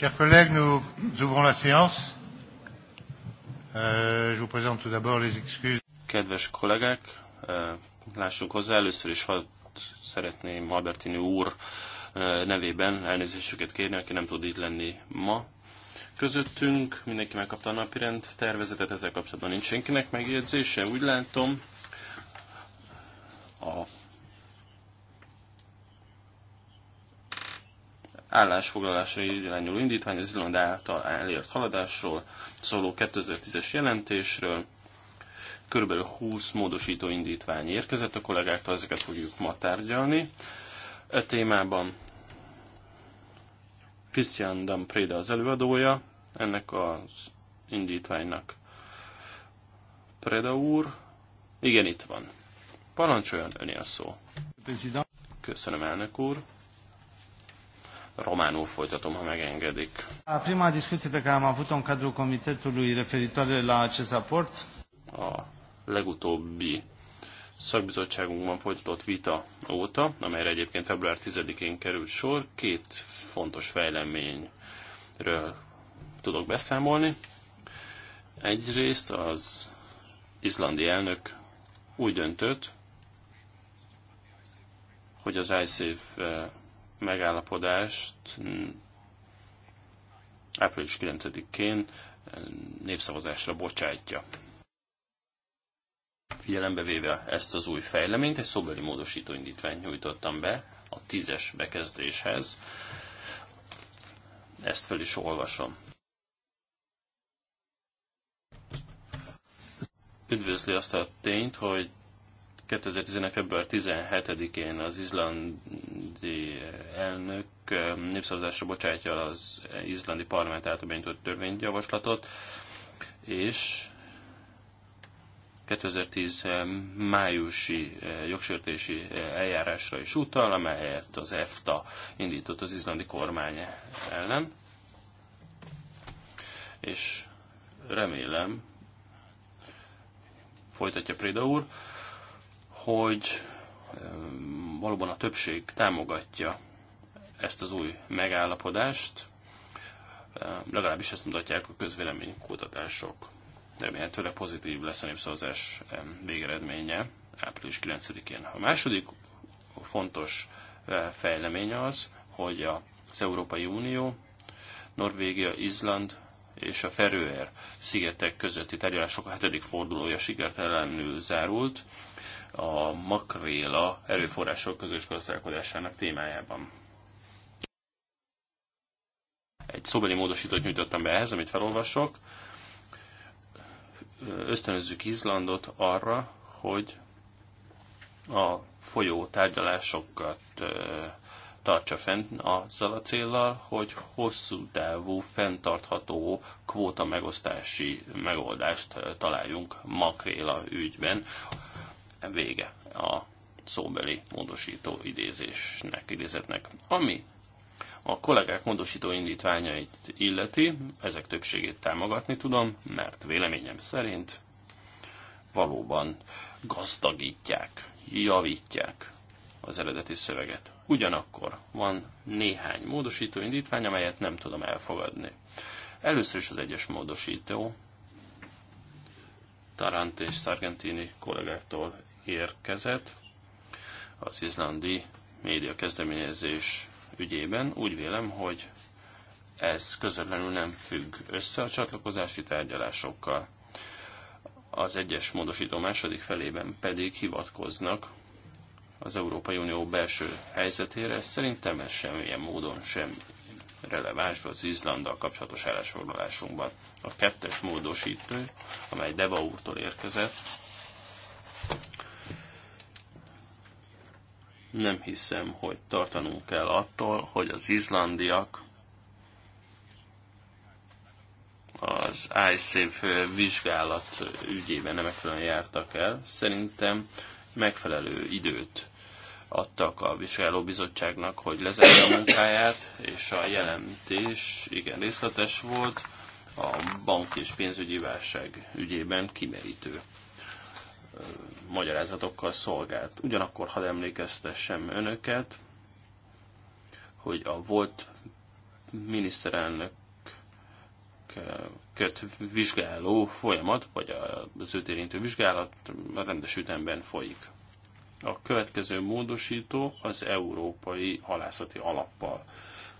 Chers collègues, nous ouvrons la séance. Euh, je vous présente tout d'abord les excuses. Kedves kollégák, euh, lássuk hozzá, először is hogy szeretném Albertini úr euh, nevében elnézésüket kérni, aki nem tud itt lenni ma közöttünk. Mindenki megkapta a napirend tervezetet, ezzel kapcsolatban nincs senkinek megjegyzése, úgy látom. A állásfoglalásra irányuló indítvány az Izland által elért haladásról szóló 2010-es jelentésről. Körülbelül 20 módosító indítvány érkezett a kollégáktól, ezeket fogjuk ma tárgyalni. E témában Christian Dampréda az előadója ennek az indítványnak. Preda úr, igen, itt van. Parancsoljon öné a szó. Köszönöm, elnök úr románul folytatom, ha megengedik. A prima discuție pe care am avut-o în cadrul comitetului referitoare la acest raport. A legutóbbi szakbizottságunkban folytatott vita óta, amelyre egyébként február 10-én került sor, két fontos fejleményről tudok beszámolni. Egyrészt az izlandi elnök úgy döntött, hogy az ISAF megállapodást mm, április 9-én eh, népszavazásra bocsátja. Figyelembe véve ezt az új fejleményt, egy szobeli módosító indítványt nyújtottam be a tízes bekezdéshez. Ezt fel is olvasom. Üdvözli azt a tényt, hogy 2011. február 17-én az izlandi elnök um, népszavazásra bocsátja az izlandi parlament által benyújtott törvényjavaslatot, és 2010 um, májusi uh, jogsértési uh, eljárásra is utal, amelyet az EFTA indított az izlandi kormány ellen. És remélem, folytatja Prida úr, hogy valóban a többség támogatja ezt az új megállapodást, legalábbis ezt mutatják a közvéleménykutatások. Remélhetőleg pozitív lesz a népszavazás végeredménye április 9-én. A második fontos eh, fejlemény az, hogy az Európai Unió, Norvégia, Izland és a Feröer szigetek közötti tárgyalások a hetedik fordulója sikertelenül zárult a makréla erőforrások közös gazdálkodásának témájában. Egy szóbeli módosítót nyújtottam be ehhez, amit felolvasok. Ösztönözzük Izlandot arra, hogy a folyó tárgyalásokat tartsa fent azzal a céllal, hogy hosszú távú, fenntartható kvóta megosztási megoldást találjunk makréla ügyben vége a szóbeli módosító idézésnek, idézetnek. Ami a kollégák módosító indítványait illeti, ezek többségét támogatni tudom, mert véleményem szerint valóban gazdagítják, javítják az eredeti szöveget. Ugyanakkor van néhány módosító indítvány, amelyet nem tudom elfogadni. Először is az egyes módosító, Tarant és Sargentini kollégáktól érkezett az izlandi média kezdeményezés ügyében. Úgy vélem, hogy ez közvetlenül nem függ össze a csatlakozási tárgyalásokkal. Az egyes módosító második felében pedig hivatkoznak az Európai Unió belső helyzetére, szerintem ez semmilyen módon sem releváns az Izlanddal kapcsolatos állásfoglalásunkban. A kettes módosítő, amely Deva úrtól érkezett, nem hiszem, hogy tartanunk kell attól, hogy az izlandiak az ISAFE vizsgálat ügyében nem megfelelően jártak el. Szerintem megfelelő időt adtak a vizsgálóbizottságnak, hogy lezárja a munkáját, és a jelentés igen részletes volt, a bank és pénzügyi válság ügyében kimerítő magyarázatokkal szolgált. Ugyanakkor ha emlékeztessem önöket, hogy a volt miniszterelnök köt vizsgáló folyamat, vagy az őt érintő vizsgálat rendes ütemben folyik. A következő módosító az európai halászati alappal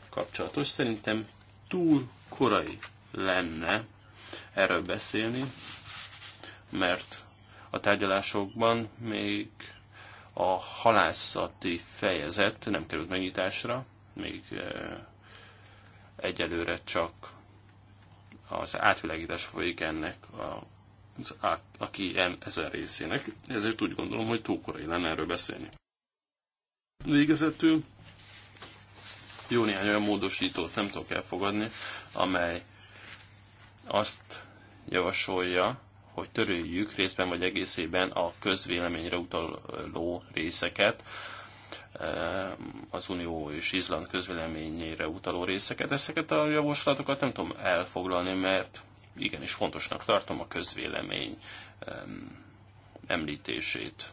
kapcsolatos. Szerintem túl korai lenne erről beszélni, mert a tárgyalásokban még a halászati fejezet nem került megnyitásra, még eh, egyelőre csak az átvilágítás folyik ennek a az át, aki ezen részének, ezért úgy gondolom, hogy túl korai lenne erről beszélni. Végezetül jó néhány olyan módosítót nem tudok elfogadni, amely azt javasolja, hogy törőjük részben vagy egészében a közvéleményre utaló részeket, az Unió és Izland közvéleményére utaló részeket. Ezeket a javaslatokat nem tudom elfoglalni, mert igenis fontosnak tartom a közvélemény említését.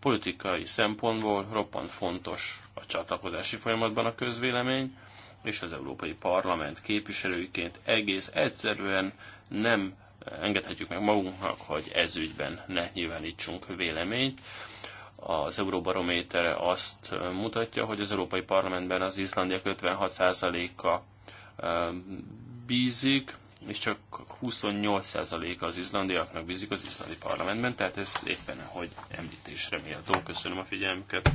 Politikai szempontból roppant fontos a csatlakozási folyamatban a közvélemény, és az Európai Parlament képviselőiként egész egyszerűen nem engedhetjük meg magunknak, hogy ez ügyben ne nyilvánítsunk véleményt. Az Euróbarométer azt mutatja, hogy az Európai Parlamentben az izlandiak 56%-a bízik, és csak 28% az izlandiaknak bízik az izlandi parlamentben, tehát ez éppen ahogy említésre méltó. Köszönöm a figyelmüket!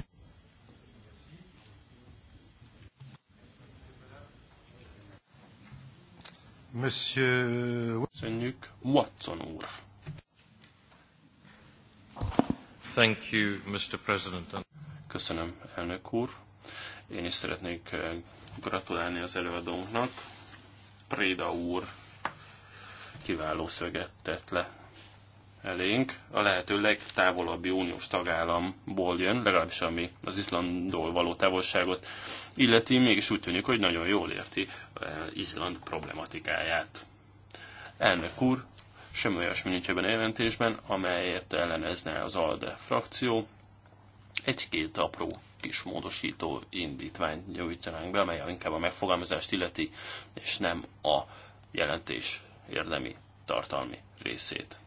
Monsieur... Köszönjük, Watson úr! Thank you, Mr. President. Köszönöm, elnök úr. Én is szeretnék eh, gratulálni az előadónknak. Préda úr kiváló szöget tett le elénk. A lehető legtávolabbi uniós tagállamból jön, legalábbis ami az Izlandról való távolságot illeti, mégis úgy tűnik, hogy nagyon jól érti eh, Izland problematikáját. Elnök úr, semmi olyasmi nincs ebben a jelentésben, amelyért ellenezne az ALDE frakció. Egy-két apró kis módosító indítványt nyújtanánk be, amely inkább a megfogalmazást illeti, és nem a jelentés érdemi, tartalmi részét.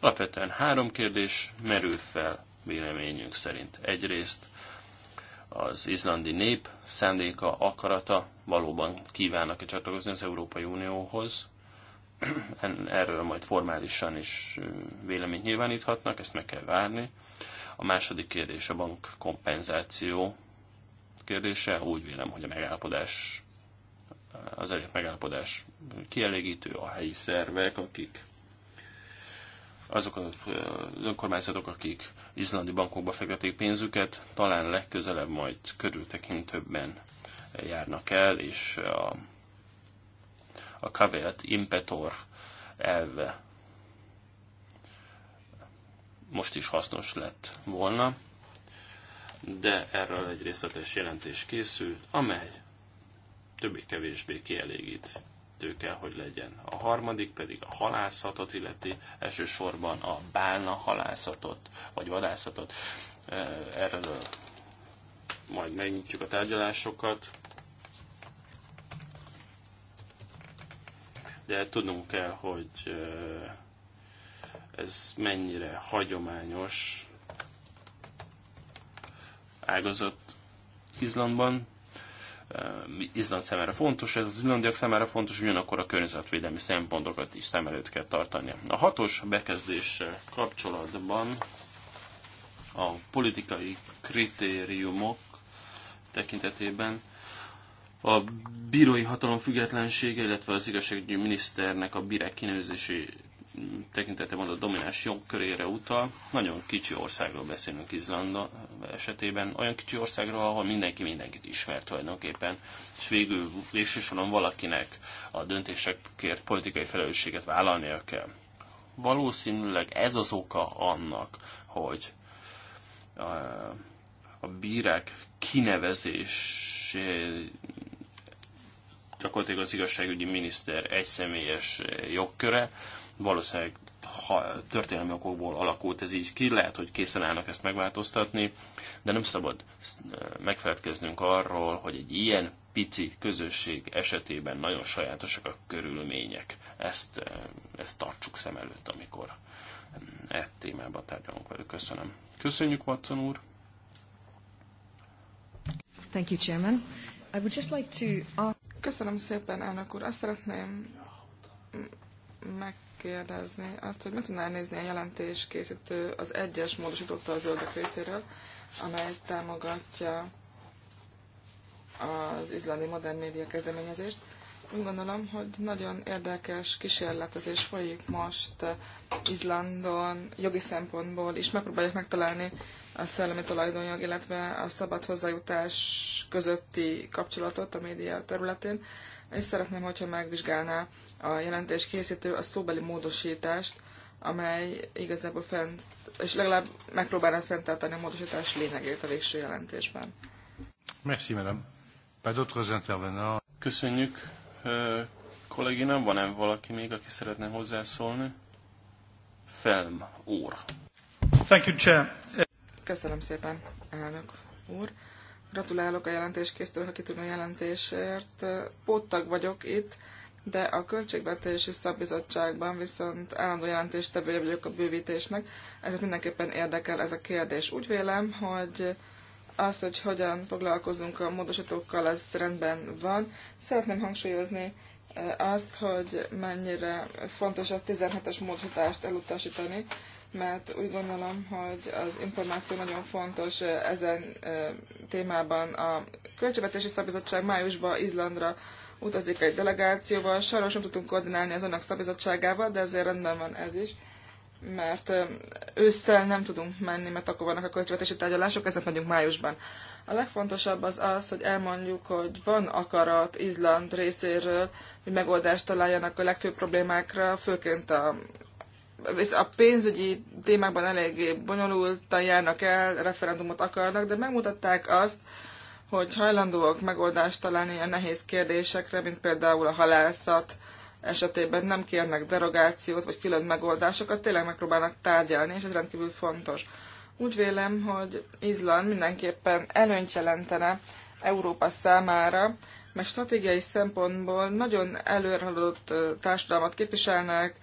Alapvetően három kérdés merül fel véleményünk szerint. Egyrészt az izlandi nép szándéka, akarata valóban kívánnak-e csatlakozni az Európai Unióhoz. Erről majd formálisan is véleményt nyilváníthatnak, ezt meg kell várni. A második kérdés a bank kompenzáció kérdése. Úgy vélem, hogy a megállapodás az elég megállapodás kielégítő, a helyi szervek, akik azok az önkormányzatok, akik izlandi bankokba fektetik pénzüket, talán legközelebb majd körültekintőbben járnak el, és a, a caveat impetor elve most is hasznos lett volna, de erről egy részletes jelentés készült, amely többé-kevésbé kielégítő kell, hogy legyen. A harmadik pedig a halászatot illeti, elsősorban a bálna halászatot, vagy vadászatot. E, erről majd megnyitjuk a tárgyalásokat. De tudnunk kell, hogy e, ez mennyire hagyományos ágazat Izlandban, Izland számára fontos, ez az izlandiak számára fontos, ugyanakkor a környezetvédelmi szempontokat is szem előtt kell tartani. A hatos bekezdés kapcsolatban a politikai kritériumok tekintetében a bírói hatalom függetlensége, illetve az igazságügyi miniszternek a bírek kinevezési tekintete van a domináns jogkörére utal. Nagyon kicsi országról beszélünk Izland esetében, olyan kicsi országról, ahol mindenki mindenkit ismert tulajdonképpen, és végül végső valakinek a döntésekért politikai felelősséget vállalnia kell. Valószínűleg ez az oka annak, hogy a, a bírák kinevezés gyakorlatilag az igazságügyi miniszter egyszemélyes jogköre, Valószínűleg ha, történelmi okokból alakult ez így ki, lehet, hogy készen állnak ezt megváltoztatni, de nem szabad megfeledkeznünk arról, hogy egy ilyen pici közösség esetében nagyon sajátosak a körülmények. Ezt, ezt tartsuk szem előtt, amikor mm, e témában tárgyalunk velük. Köszönöm. Köszönjük, Watson úr! Thank you, Chairman. I would just like to... Köszönöm szépen, elnök úr. Azt szeretném meg kérdezni azt, hogy mit tudnál nézni a jelentés készítő az egyes módosította a zöldek részéről, amely támogatja az izlandi modern média kezdeményezést. Úgy gondolom, hogy nagyon érdekes kísérletezés folyik most Izlandon jogi szempontból is. Megpróbálják megtalálni a szellemi tulajdonjog, illetve a szabad hozzájutás közötti kapcsolatot a média területén és szeretném, hogyha megvizsgálná a jelentés készítő a szóbeli módosítást, amely igazából fent, és legalább megpróbálná fenntartani a módosítás lényegét a végső jelentésben. Merci, madame. d'autres intervenants. Köszönjük. Kolléginám, van-e valaki még, aki szeretne hozzászólni? Felm úr. Thank you, Chair. Köszönöm szépen, elnök úr. Gratulálok a jelentéskészítőnek ha kitűnő jelentésért. Póttag vagyok itt, de a Költségvetési Szabbizottságban viszont állandó jelentéstevője vagyok a bővítésnek, ezért mindenképpen érdekel ez a kérdés. Úgy vélem, hogy az, hogy hogyan foglalkozunk a módosítókkal, ez rendben van. Szeretném hangsúlyozni eh, azt, hogy mennyire fontos a 17-es módosítást elutasítani, mert úgy gondolom, hogy az információ nagyon fontos ezen témában. A Költségvetési Szabizottság májusban Izlandra utazik egy delegációval, sajnos nem tudtunk koordinálni az önök szabizottságával, de ezért rendben van ez is, mert ősszel nem tudunk menni, mert akkor vannak a költségvetési tárgyalások, ezért megyünk májusban. A legfontosabb az az, hogy elmondjuk, hogy van akarat Izland részéről, hogy megoldást találjanak a legfőbb problémákra, főként a a pénzügyi témákban eléggé bonyolultan járnak el, referendumot akarnak, de megmutatták azt, hogy hajlandóak megoldást találni a nehéz kérdésekre, mint például a halászat esetében nem kérnek derogációt vagy külön megoldásokat, tényleg megpróbálnak tárgyalni, és ez rendkívül fontos. Úgy vélem, hogy Izland mindenképpen előnyt jelentene Európa számára, mert stratégiai szempontból nagyon előrehaladott társadalmat képviselnek,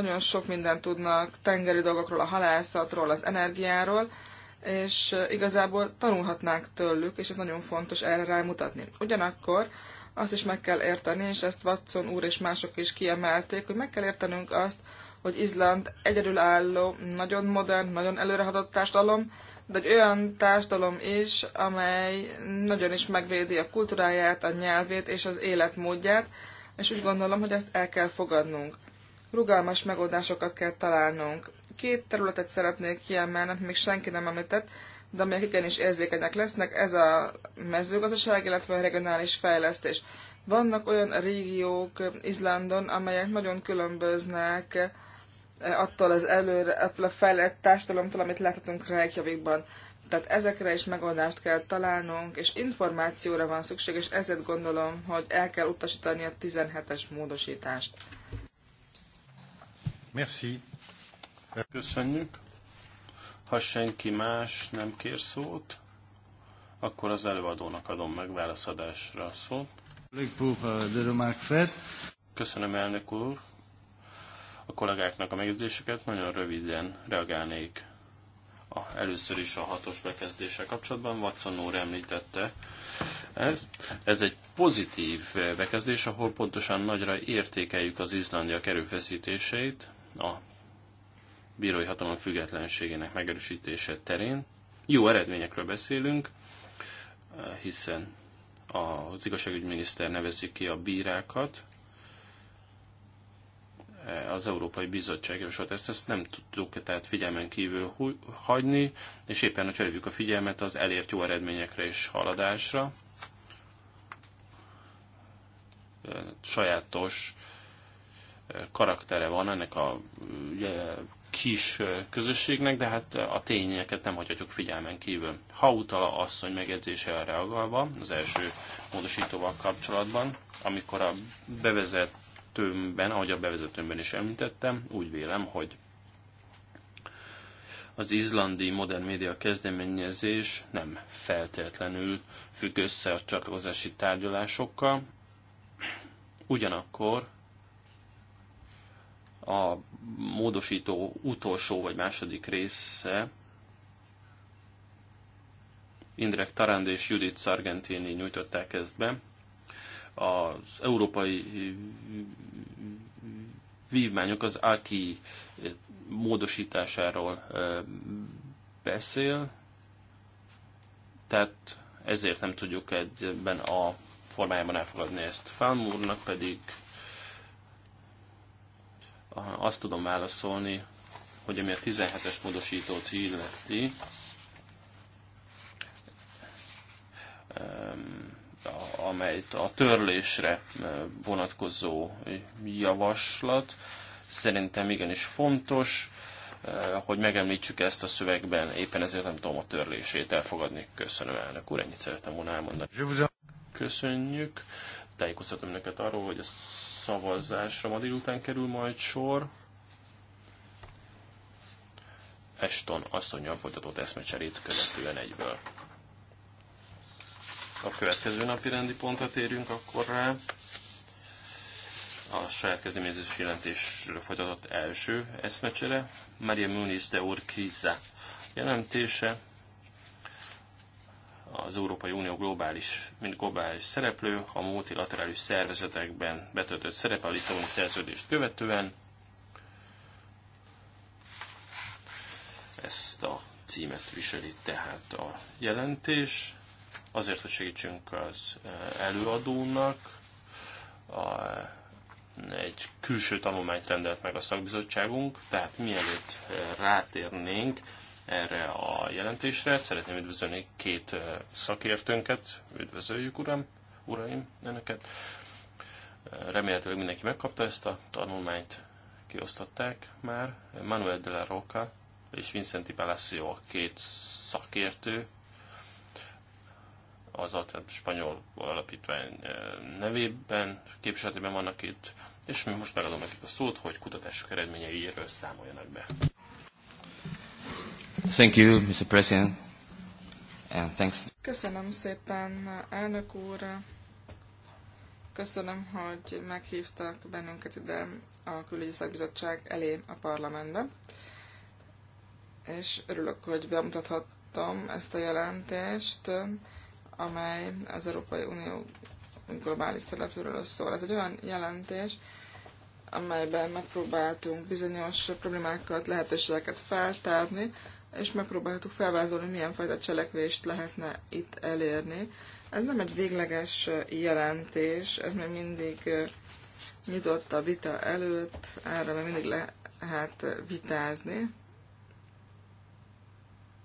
nagyon sok mindent tudnak tengeri dolgokról, a halászatról, az energiáról, és igazából tanulhatnánk tőlük, és ez nagyon fontos erre rámutatni. Ugyanakkor azt is meg kell érteni, és ezt Watson úr és mások is kiemelték, hogy meg kell értenünk azt, hogy Izland egyedülálló, nagyon modern, nagyon előrehatott társadalom, de egy olyan társadalom is, amely nagyon is megvédi a kultúráját, a nyelvét és az életmódját, és úgy gondolom, hogy ezt el kell fogadnunk rugalmas megoldásokat kell találnunk. Két területet szeretnék kiemelni, amit még senki nem említett, de amelyek igenis érzékenyek lesznek, ez a mezőgazdaság, illetve a regionális fejlesztés. Vannak olyan régiók Izlandon, amelyek nagyon különböznek eh, attól az előre, attól a fejlett társadalomtól, amit láthatunk Reykjavikban. Tehát ezekre is megoldást kell találnunk, és információra van szükség, és ezért gondolom, hogy el kell utasítani a 17-es módosítást. Merci. Köszönjük. Ha senki más nem kér szót, akkor az előadónak adom meg válaszadásra a szót. Euh, Köszönöm, elnök úr. A kollégáknak a megjegyzéseket nagyon röviden reagálnék. A, először is a hatos bekezdéssel kapcsolatban Watson úr említette ez, Ez egy pozitív bekezdés, ahol pontosan nagyra értékeljük az izlandiak erőfeszítéseit, a bírói hatalom függetlenségének megerősítése terén. Jó eredményekről beszélünk, hiszen az igazságügyminiszter nevezi ki a bírákat, az Európai Bizottság javasolt ezt, ezt nem tudtuk tehát figyelmen kívül hagyni, és éppen, hogy felhívjuk a figyelmet az elért jó eredményekre és haladásra, sajátos karaktere van ennek a kis közösségnek, de hát a tényeket nem hagyhatjuk figyelmen kívül. Ha Hautala asszony megjegyzése reagálva az első módosítóval kapcsolatban, amikor a bevezetőmben, ahogy a bevezetőmben is említettem, úgy vélem, hogy az izlandi modern média kezdeményezés nem feltétlenül függ össze a csatlakozási tárgyalásokkal, ugyanakkor a módosító utolsó vagy második része Indrek Tarand és Judith Sargentini nyújtották ezt be. Az európai vívmányok az AKI módosításáról beszél, tehát ezért nem tudjuk egyben a formájában elfogadni ezt. Fálmúrnak pedig azt tudom válaszolni, hogy ami a 17-es módosítót illeti, amelyet a törlésre vonatkozó javaslat, szerintem igenis fontos, eh, hogy megemlítsük ezt a szövegben, éppen ezért nem tudom a törlését elfogadni. Köszönöm elnök úr, ennyit szeretem volna elmondani. Köszönjük. Tájékoztatom neked arról, hogy a szavazásra ma délután kerül majd sor. Eston asszonya folytatott eszmecserét követően egyből. A következő napi rendi pontra térünk akkor rá. A saját kezdeményezés jelentésről folytatott első eszmecsere. Maria Muniz de Urquiza jelentése az Európai Unió globális, mint globális szereplő, a multilaterális szervezetekben betöltött szerepe a Lisszaboni szerződést követően. Ezt a címet viseli tehát a jelentés. Azért, hogy segítsünk az eh, előadónak, a, egy külső tanulmányt rendelt meg a szakbizottságunk, tehát mielőtt eh, rátérnénk erre a jelentésre. Szeretném üdvözölni két szakértőnket. Üdvözöljük, uram, uraim, önöket. Remélhetőleg mindenki megkapta ezt a tanulmányt, kiosztották már. Manuel de la Roca és Vincenti Palacio a két szakértő, az Alternatív Spanyol Alapítvány nevében, képviseletében vannak itt, és mi most megadom nekik a szót, hogy kutatások eredményeiről számoljanak be. Thank you, Mr. President. And thanks. Köszönöm szépen, elnök úr. Köszönöm, hogy meghívtak bennünket ide a Külügyi Szakbizottság elé a parlamentbe. És örülök, hogy bemutathattam ezt a jelentést, amely az Európai Unió globális szerepéről szól. Ez egy olyan jelentés, amelyben megpróbáltunk bizonyos problémákat, lehetőségeket feltárni, és megpróbáltuk felvázolni, milyen fajta cselekvést lehetne itt elérni. Ez nem egy végleges jelentés, ez még mindig nyitott a vita előtt, erre még mindig lehet vitázni.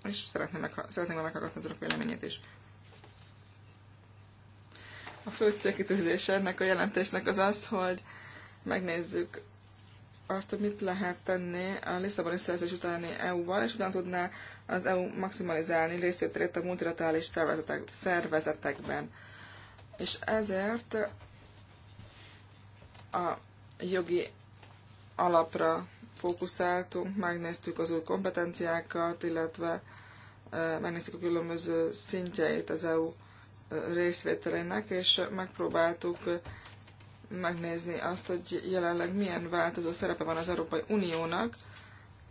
És szeretném, megha- szeretném meghallgatni az önök véleményét is. A fő célkitűzés ennek a jelentésnek az az, hogy megnézzük azt, hogy mit lehet tenni a Lisszaboni szerzés utáni EU-val, és utána tudná az EU maximalizálni részvételét a multilaterális szervezetek, szervezetekben. És ezért a jogi alapra fókuszáltunk, megnéztük az új kompetenciákat, illetve megnéztük a különböző szintjeit az EU részvételének, és megpróbáltuk megnézni azt, hogy jelenleg milyen változó szerepe van az Európai Uniónak,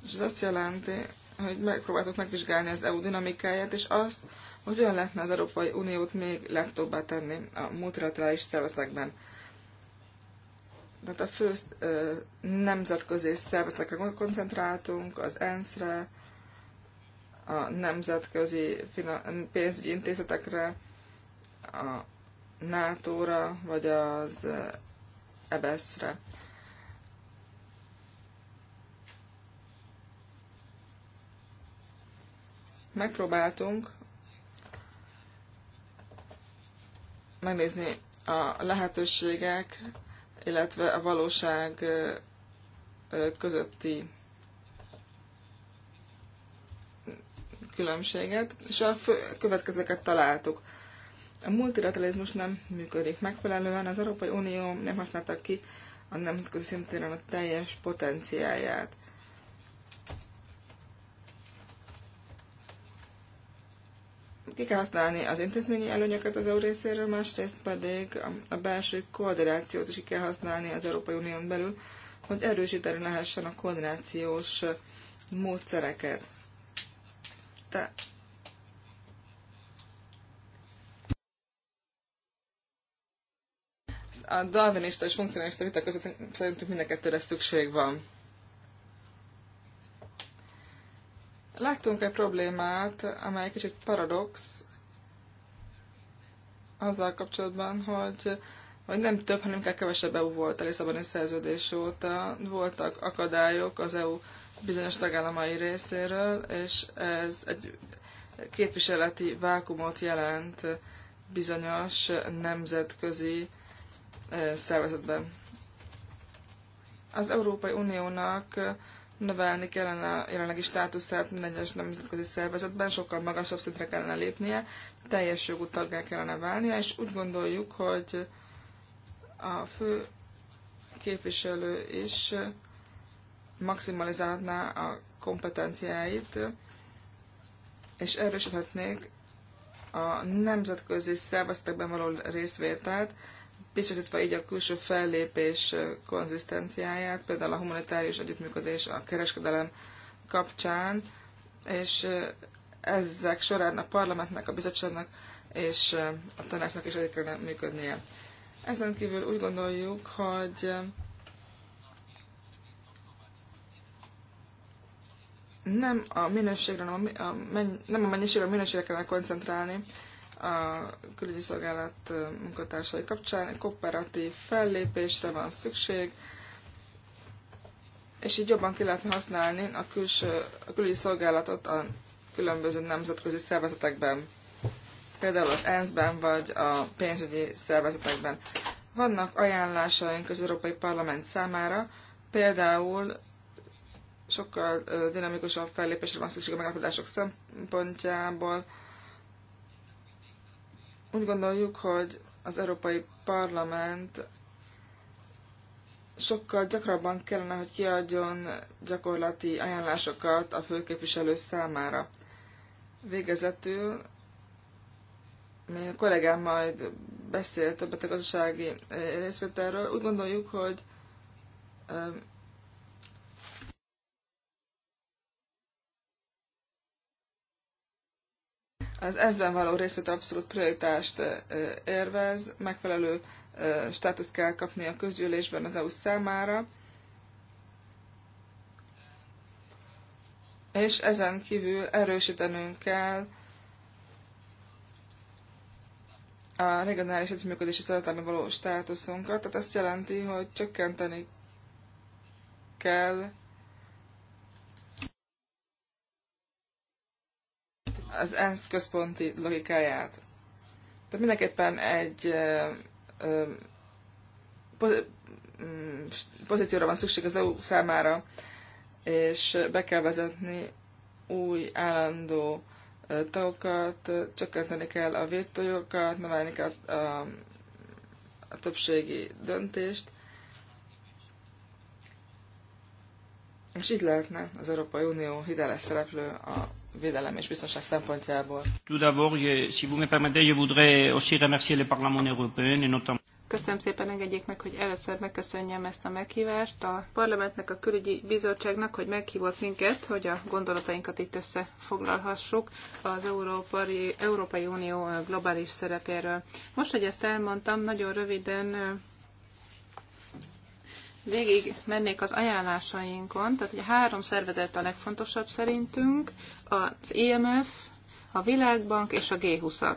és ez azt jelenti, hogy megpróbáltuk megvizsgálni az EU dinamikáját, és azt, hogy olyan lehetne az Európai Uniót még legtöbbá tenni a multilaterális szervezetekben. Tehát a fő nemzetközi szervezetekre koncentráltunk, az ENSZ-re, a nemzetközi pénzügyi intézetekre, a NATO-ra, vagy az ebeszre. Megpróbáltunk megnézni a lehetőségek, illetve a valóság közötti különbséget, és a következőket találtuk. A multilateralizmus nem működik megfelelően, az Európai Unió nem használta ki a nemzetközi szintéren a teljes potenciáját. Ki kell használni az intézményi előnyöket az EU részéről, másrészt pedig a belső koordinációt is ki kell használni az Európai Unión belül, hogy erősíteni lehessen a koordinációs módszereket. Te a darwinista és funkcionalista vita között szerintünk mind a kettőre szükség van. Láttunk egy problémát, amely kicsit paradox azzal kapcsolatban, hogy, hogy nem több, hanem inkább kevesebb EU volt a Lisszaboni szerződés óta. Voltak akadályok az EU bizonyos tagállamai részéről, és ez egy képviseleti vákumot jelent bizonyos nemzetközi szervezetben. Az Európai Uniónak növelni kellene a jelenlegi státuszát minden egyes nemzetközi szervezetben, sokkal magasabb szintre kellene lépnie, teljes jogú taggá kellene válnia, és úgy gondoljuk, hogy a fő képviselő is maximalizálhatná a kompetenciáit, és erősíthetnék a nemzetközi szervezetekben való részvételt, biztosítva így a külső fellépés konzisztenciáját, például a humanitárius együttműködés a kereskedelem kapcsán, és ezek során a parlamentnek, a bizottságnak és a tanácsnak is együtt kellene működnie. Ezen kívül úgy gondoljuk, hogy nem a minőségre, nem a, nem a mennyiségre, a minőségre kellene koncentrálni, a külügyi szolgálat munkatársai kapcsán. Egy kooperatív fellépésre van szükség, és így jobban ki lehetne használni a, külső, a külügyi szolgálatot a különböző nemzetközi szervezetekben, például az ENSZ-ben vagy a pénzügyi szervezetekben. Vannak ajánlásaink az Európai Parlament számára, például sokkal dinamikusabb fellépésre van szükség a megállapodások szempontjából, úgy gondoljuk, hogy az Európai Parlament sokkal gyakrabban kellene, hogy kiadjon gyakorlati ajánlásokat a főképviselő számára. Végezetül mi a kollégám majd beszél a gazdasági részvételről. Úgy gondoljuk, hogy az ezben való részét abszolút prioritást érvez, megfelelő státuszt kell kapni a közgyűlésben az EU számára, és ezen kívül erősítenünk kell a regionális együttműködési szervezetben való státuszunkat, tehát azt jelenti, hogy csökkenteni kell az ENSZ központi logikáját. Tehát mindenképpen egy ö, ö, mm, pozícióra van szükség az EU számára, és be kell vezetni új állandó tagokat, csökkenteni kell a vétójogokat, növelni kell a, a, a többségi döntést, és így lehetne az Európai Unió hiteles szereplő a védelem és biztonság szempontjából. Köszönöm szépen, engedjék meg, hogy először megköszönjem ezt a meghívást a parlamentnek, a külügyi bizottságnak, hogy meghívott minket, hogy a gondolatainkat itt összefoglalhassuk az Európai, Európai Unió globális szerepéről. Most, hogy ezt elmondtam, nagyon röviden végig mennék az ajánlásainkon, tehát hogy a három szervezet a legfontosabb szerintünk, az IMF, e a Világbank és a G20-ak.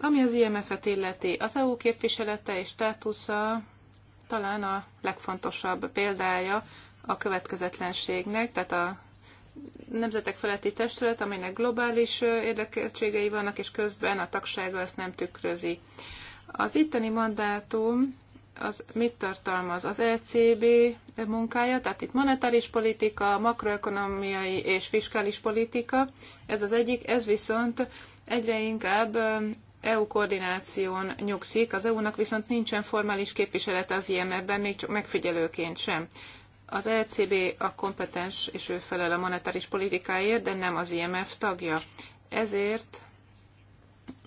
Ami az IMF-et e illeti, az EU képviselete és státusza talán a legfontosabb példája a következetlenségnek, tehát a nemzetek feletti testület, aminek globális érdekeltségei vannak, és közben a tagsága ezt nem tükrözi. Az itteni mandátum az mit tartalmaz? Az ECB munkája, tehát itt monetáris politika, makroekonomiai és fiskális politika, ez az egyik, ez viszont egyre inkább um, EU koordináción nyugszik, az EU-nak viszont nincsen formális képviselete az IMF-ben, még csak megfigyelőként sem. Az ECB a kompetens, és ő felel a monetáris politikáért, de nem az IMF tagja. Ezért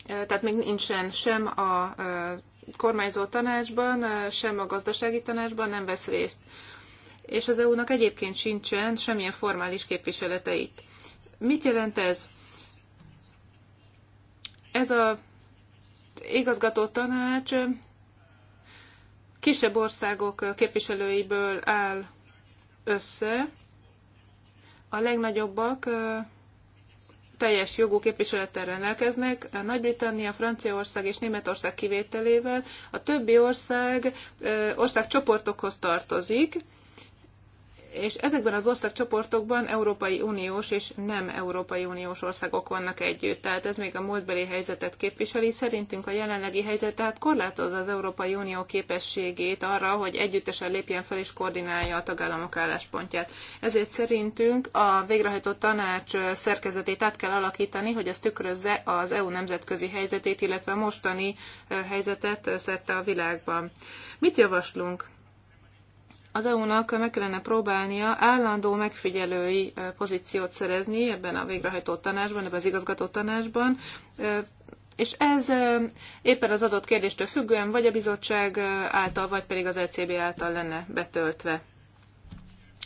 eh, tehát még nincsen sem a eh, kormányzó tanácsban, sem a gazdasági tanácsban nem vesz részt. És az EU-nak egyébként sincsen semmilyen formális képviselete itt. Mit jelent ez? Ez a igazgató tanács kisebb országok képviselőiből áll össze, a legnagyobbak teljes jogú képviselettel rendelkeznek, Nagy-Britannia, Franciaország és Németország kivételével. A többi ország országcsoportokhoz tartozik, és ezekben az országcsoportokban Európai Uniós és nem Európai Uniós országok vannak együtt. Tehát ez még a múltbeli helyzetet képviseli. Szerintünk a jelenlegi helyzet tehát korlátozza az Európai Unió képességét arra, hogy együttesen lépjen fel és koordinálja a tagállamok álláspontját. Ezért szerintünk a végrehajtott tanács szerkezetét át kell alakítani, hogy ez tükrözze az EU nemzetközi helyzetét, illetve a mostani helyzetet szerte a világban. Mit javaslunk? az EU-nak meg kellene próbálnia állandó megfigyelői pozíciót szerezni ebben a végrehajtó tanácsban, ebben az igazgató tanácsban, és ez éppen az adott kérdéstől függően vagy a bizottság által, vagy pedig az ECB által lenne betöltve.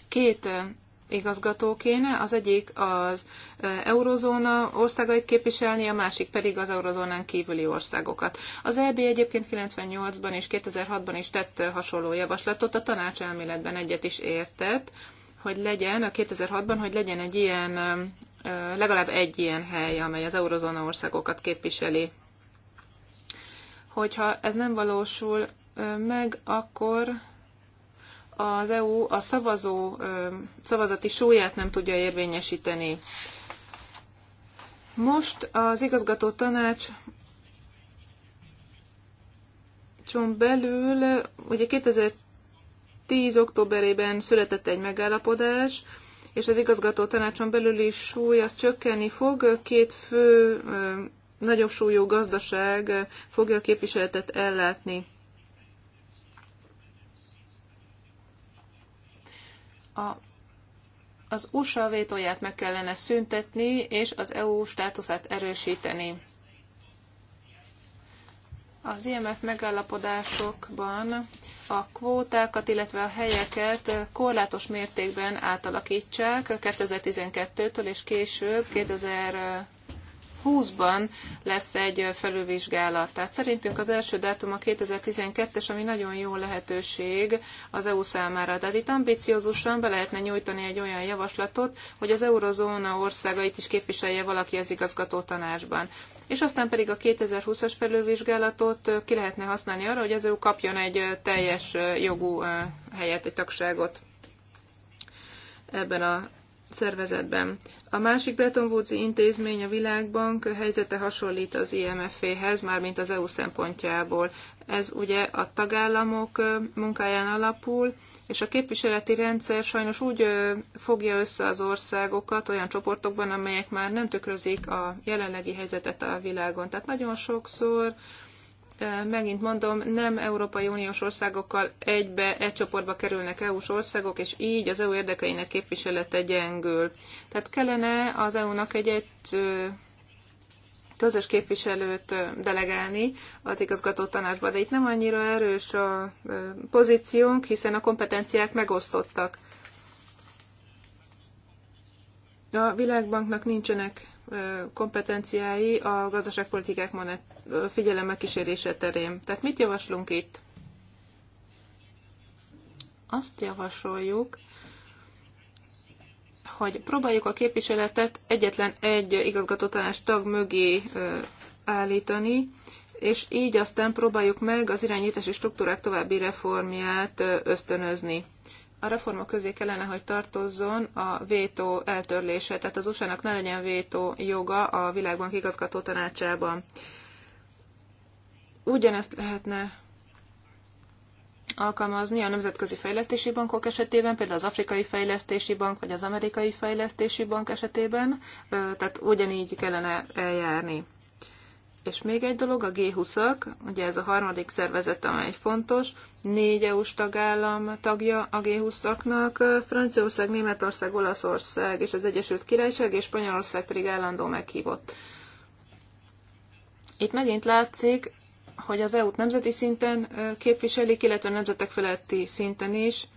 Két igazgató kéne, az egyik az eurozóna országait képviselni, a másik pedig az eurozónán kívüli országokat. Az EB egyébként 98-ban és 2006-ban is tett hasonló javaslatot, a tanács elméletben egyet is értett, hogy legyen a 2006-ban, hogy legyen egy ilyen, legalább egy ilyen hely, amely az eurozóna országokat képviseli. Hogyha ez nem valósul meg, akkor az EU a szavazó szavazati súlyát nem tudja érvényesíteni. Most az igazgató tanács csom belül, ugye 2010. októberében született egy megállapodás, és az igazgató tanácson belüli súly az csökkenni fog, két fő nagyobb súlyú gazdaság fogja a képviseletet ellátni. a, az USA vétóját meg kellene szüntetni, és az EU státuszát erősíteni. Az IMF megállapodásokban a kvótákat, illetve a helyeket korlátos mértékben átalakítsák 2012-től és később 2000 2020-ban lesz egy felülvizsgálat. Tehát szerintünk az első dátum a 2012-es, ami nagyon jó lehetőség az EU számára. Tehát itt ambiciózusan be lehetne nyújtani egy olyan javaslatot, hogy az eurozóna országait is képviselje valaki az igazgató tanácsban és aztán pedig a 2020-as felülvizsgálatot ki lehetne használni arra, hogy az EU kapjon egy teljes jogú helyet, egy tagságot ebben a szervezetben. A másik Bretton woods intézmény, a Világbank helyzete hasonlít az IMF-hez, mármint az EU szempontjából. Ez ugye a tagállamok munkáján alapul, és a képviseleti rendszer sajnos úgy fogja össze az országokat olyan csoportokban, amelyek már nem tükrözik a jelenlegi helyzetet a világon. Tehát nagyon sokszor megint mondom, nem Európai Uniós országokkal egybe, egy csoportba kerülnek EU-s országok, és így az EU érdekeinek képviselete gyengül. Tehát kellene az EU-nak egy, egy közös képviselőt delegálni az igazgató tanácsba, de itt nem annyira erős a pozíciónk, hiszen a kompetenciák megosztottak. A világbanknak nincsenek kompetenciái a gazdaságpolitikák monet, figyelemmel kísérése terén. Tehát mit javaslunk itt? Azt javasoljuk, hogy próbáljuk a képviseletet egyetlen egy igazgatótanács tag mögé állítani, és így aztán próbáljuk meg az irányítási struktúrák további reformját ösztönözni a reformok közé kellene, hogy tartozzon a vétó eltörlése, tehát az USA-nak ne legyen vétó joga a világbank igazgató tanácsában. Ugyanezt lehetne alkalmazni a nemzetközi fejlesztési bankok esetében, például az afrikai fejlesztési bank vagy az amerikai fejlesztési bank esetében, tehát ugyanígy kellene eljárni. És még egy dolog, a G20-ak, ugye ez a harmadik szervezet, amely fontos, négy EU-s tagállam tagja a G20-aknak, Franciaország, Németország, Olaszország és az Egyesült Királyság, és Spanyolország pedig állandó meghívott. Itt megint látszik, hogy az EU-t nemzeti szinten képviselik, illetve nemzetek feletti szinten is,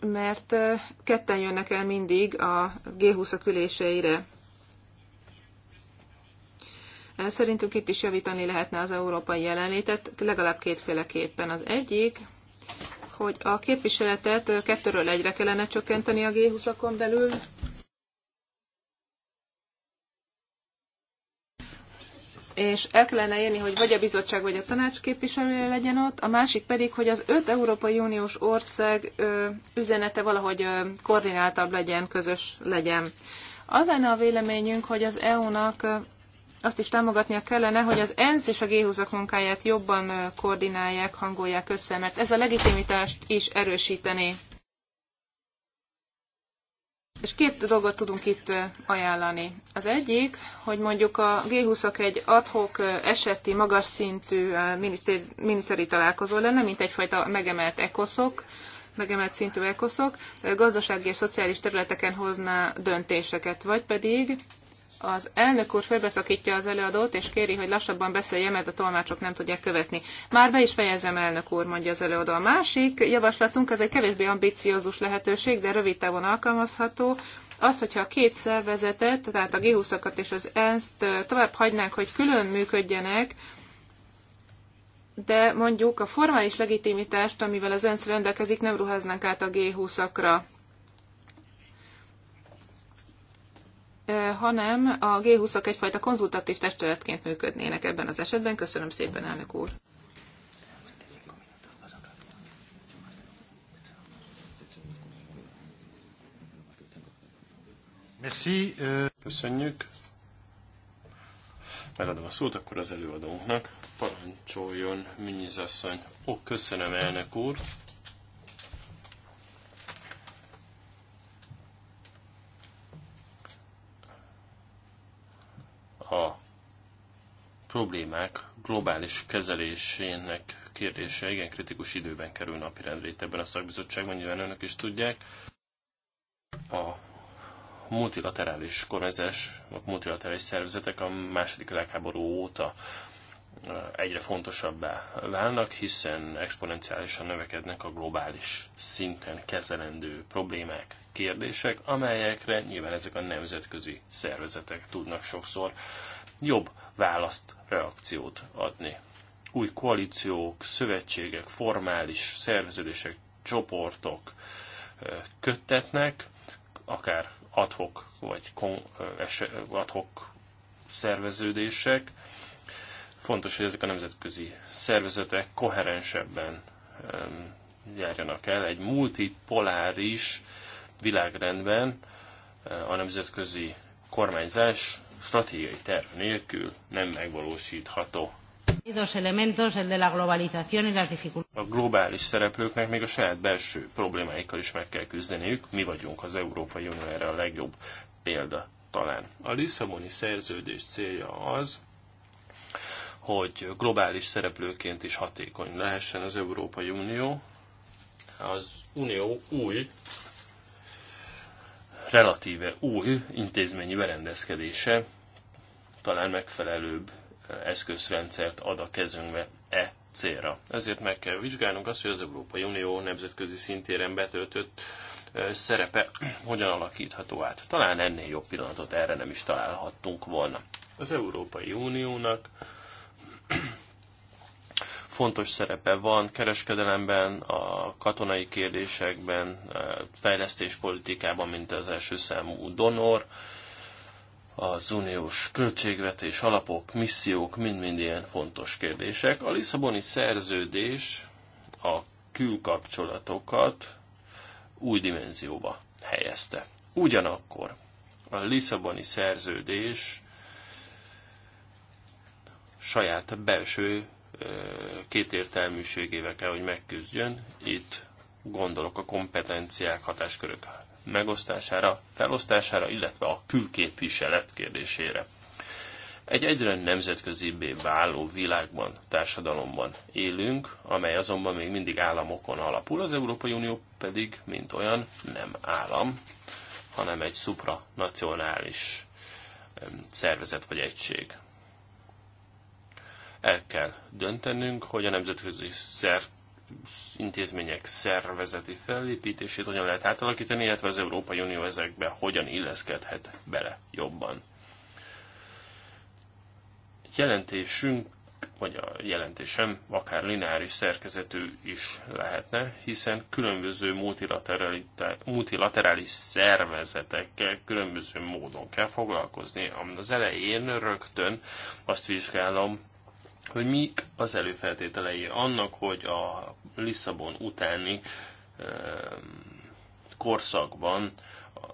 mert ketten jönnek el mindig a G20-ak üléseire Szerintünk itt is javítani lehetne az európai jelenlétet, legalább kétféleképpen. Az egyik, hogy a képviseletet kettőről egyre kellene csökkenteni a G20-akon belül, és el kellene érni, hogy vagy a bizottság, vagy a tanács képviselője legyen ott, a másik pedig, hogy az öt Európai Uniós ország ö, üzenete valahogy ö, koordináltabb legyen, közös legyen. Az lenne a véleményünk, hogy az EU-nak azt is támogatnia kellene, hogy az ENSZ és a g ak munkáját jobban koordinálják, hangolják össze, mert ez a legitimitást is erősítené. És két dolgot tudunk itt ajánlani. Az egyik, hogy mondjuk a G20-ak egy adhok eseti, magas szintű minisztéri, miniszteri találkozó lenne, mint egyfajta megemelt ekoszok, megemelt szintű ekoszok, gazdasági és szociális területeken hozna döntéseket, vagy pedig az elnök úr félbeszakítja az előadót, és kéri, hogy lassabban beszélje, mert a tolmácsok nem tudják követni. Már be is fejezem, elnök úr, mondja az előadó. A másik javaslatunk, az egy kevésbé ambiciózus lehetőség, de rövid távon alkalmazható, az, hogyha a két szervezetet, tehát a g akat és az ENSZ-t tovább hagynánk, hogy külön működjenek, de mondjuk a formális legitimitást, amivel az ENSZ rendelkezik, nem ruháznánk át a G20-akra. hanem a G20-ak egyfajta konzultatív testületként működnének ebben az esetben. Köszönöm szépen, elnök úr! Merci. Köszönjük. Megadom a szót akkor az előadónknak. Parancsoljon, Münyiz asszony. Ó, köszönöm, elnök úr. problémák globális kezelésének kérdése igen kritikus időben kerül napirendre itt ebben a szakbizottságban, nyilván önök is tudják. A multilaterális kormányzás, a multilaterális szervezetek a második világháború óta egyre fontosabbá válnak, hiszen exponenciálisan növekednek a globális szinten kezelendő problémák, kérdések, amelyekre nyilván ezek a nemzetközi szervezetek tudnak sokszor jobb választ, reakciót adni. Új koalíciók, szövetségek, formális szerveződések, csoportok köttetnek, akár adhok vagy adhok szerveződések. Fontos, hogy ezek a nemzetközi szervezetek koherensebben járjanak el egy multipoláris világrendben a nemzetközi kormányzás stratégiai terv nélkül nem megvalósítható. A globális szereplőknek még a saját belső problémáikkal is meg kell küzdeniük, mi vagyunk az Európai Unió erre a legjobb példa talán. A Lisszaboni szerződés célja az, hogy globális szereplőként is hatékony lehessen az Európai Unió. Az Unió új relatíve új intézményi berendezkedése talán megfelelőbb eh, eszközrendszert ad a kezünkbe e célra. Ezért meg kell vizsgálnunk azt, hogy az Európai Unió nemzetközi szintéren betöltött eh, szerepe hogyan alakítható át. Talán ennél jobb pillanatot erre nem is találhattunk volna. Az Európai Uniónak fontos szerepe van kereskedelemben, a katonai kérdésekben, fejlesztéspolitikában, mint az első számú donor, az uniós költségvetés, alapok, missziók, mind-mind ilyen fontos kérdések. A Lisszaboni szerződés a külkapcsolatokat új dimenzióba helyezte. Ugyanakkor a Lisszaboni szerződés saját belső kétértelműségével kell, hogy megküzdjön. Itt gondolok a kompetenciák, hatáskörök megosztására, felosztására, illetve a külképviselet kérdésére. Egy egyre nemzetközibbé váló világban, társadalomban élünk, amely azonban még mindig államokon alapul, az Európai Unió pedig, mint olyan, nem állam, hanem egy supranacionális szervezet vagy egység. El kell döntenünk, hogy a nemzetközi szer intézmények szervezeti felépítését hogyan lehet átalakítani, illetve az Európai Unió ezekbe hogyan illeszkedhet bele jobban. Jelentésünk, vagy a jelentésem akár lineáris szerkezetű is lehetne, hiszen különböző multilaterális szervezetekkel különböző módon kell foglalkozni. Az elején rögtön azt vizsgálom hogy mi az előfeltételei annak, hogy a Lisszabon utáni korszakban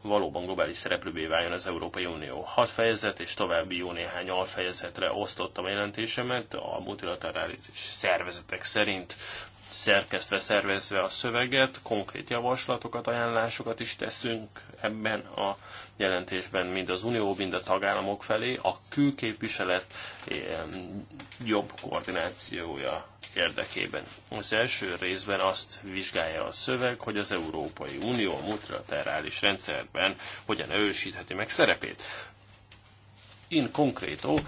valóban globális szereplővé váljon az Európai Unió. Hat fejezet és további jó néhány alfejezetre osztottam a jelentésemet, a multilaterális szervezetek szerint szerkesztve, szervezve a szöveget, konkrét javaslatokat, ajánlásokat is teszünk ebben a jelentésben, mind az Unió, mind a tagállamok felé, a külképviselet jobb koordinációja érdekében. Az első részben azt vizsgálja a szöveg, hogy az Európai Unió a multilaterális rendszerben hogyan erősítheti meg szerepét. In konkrétó,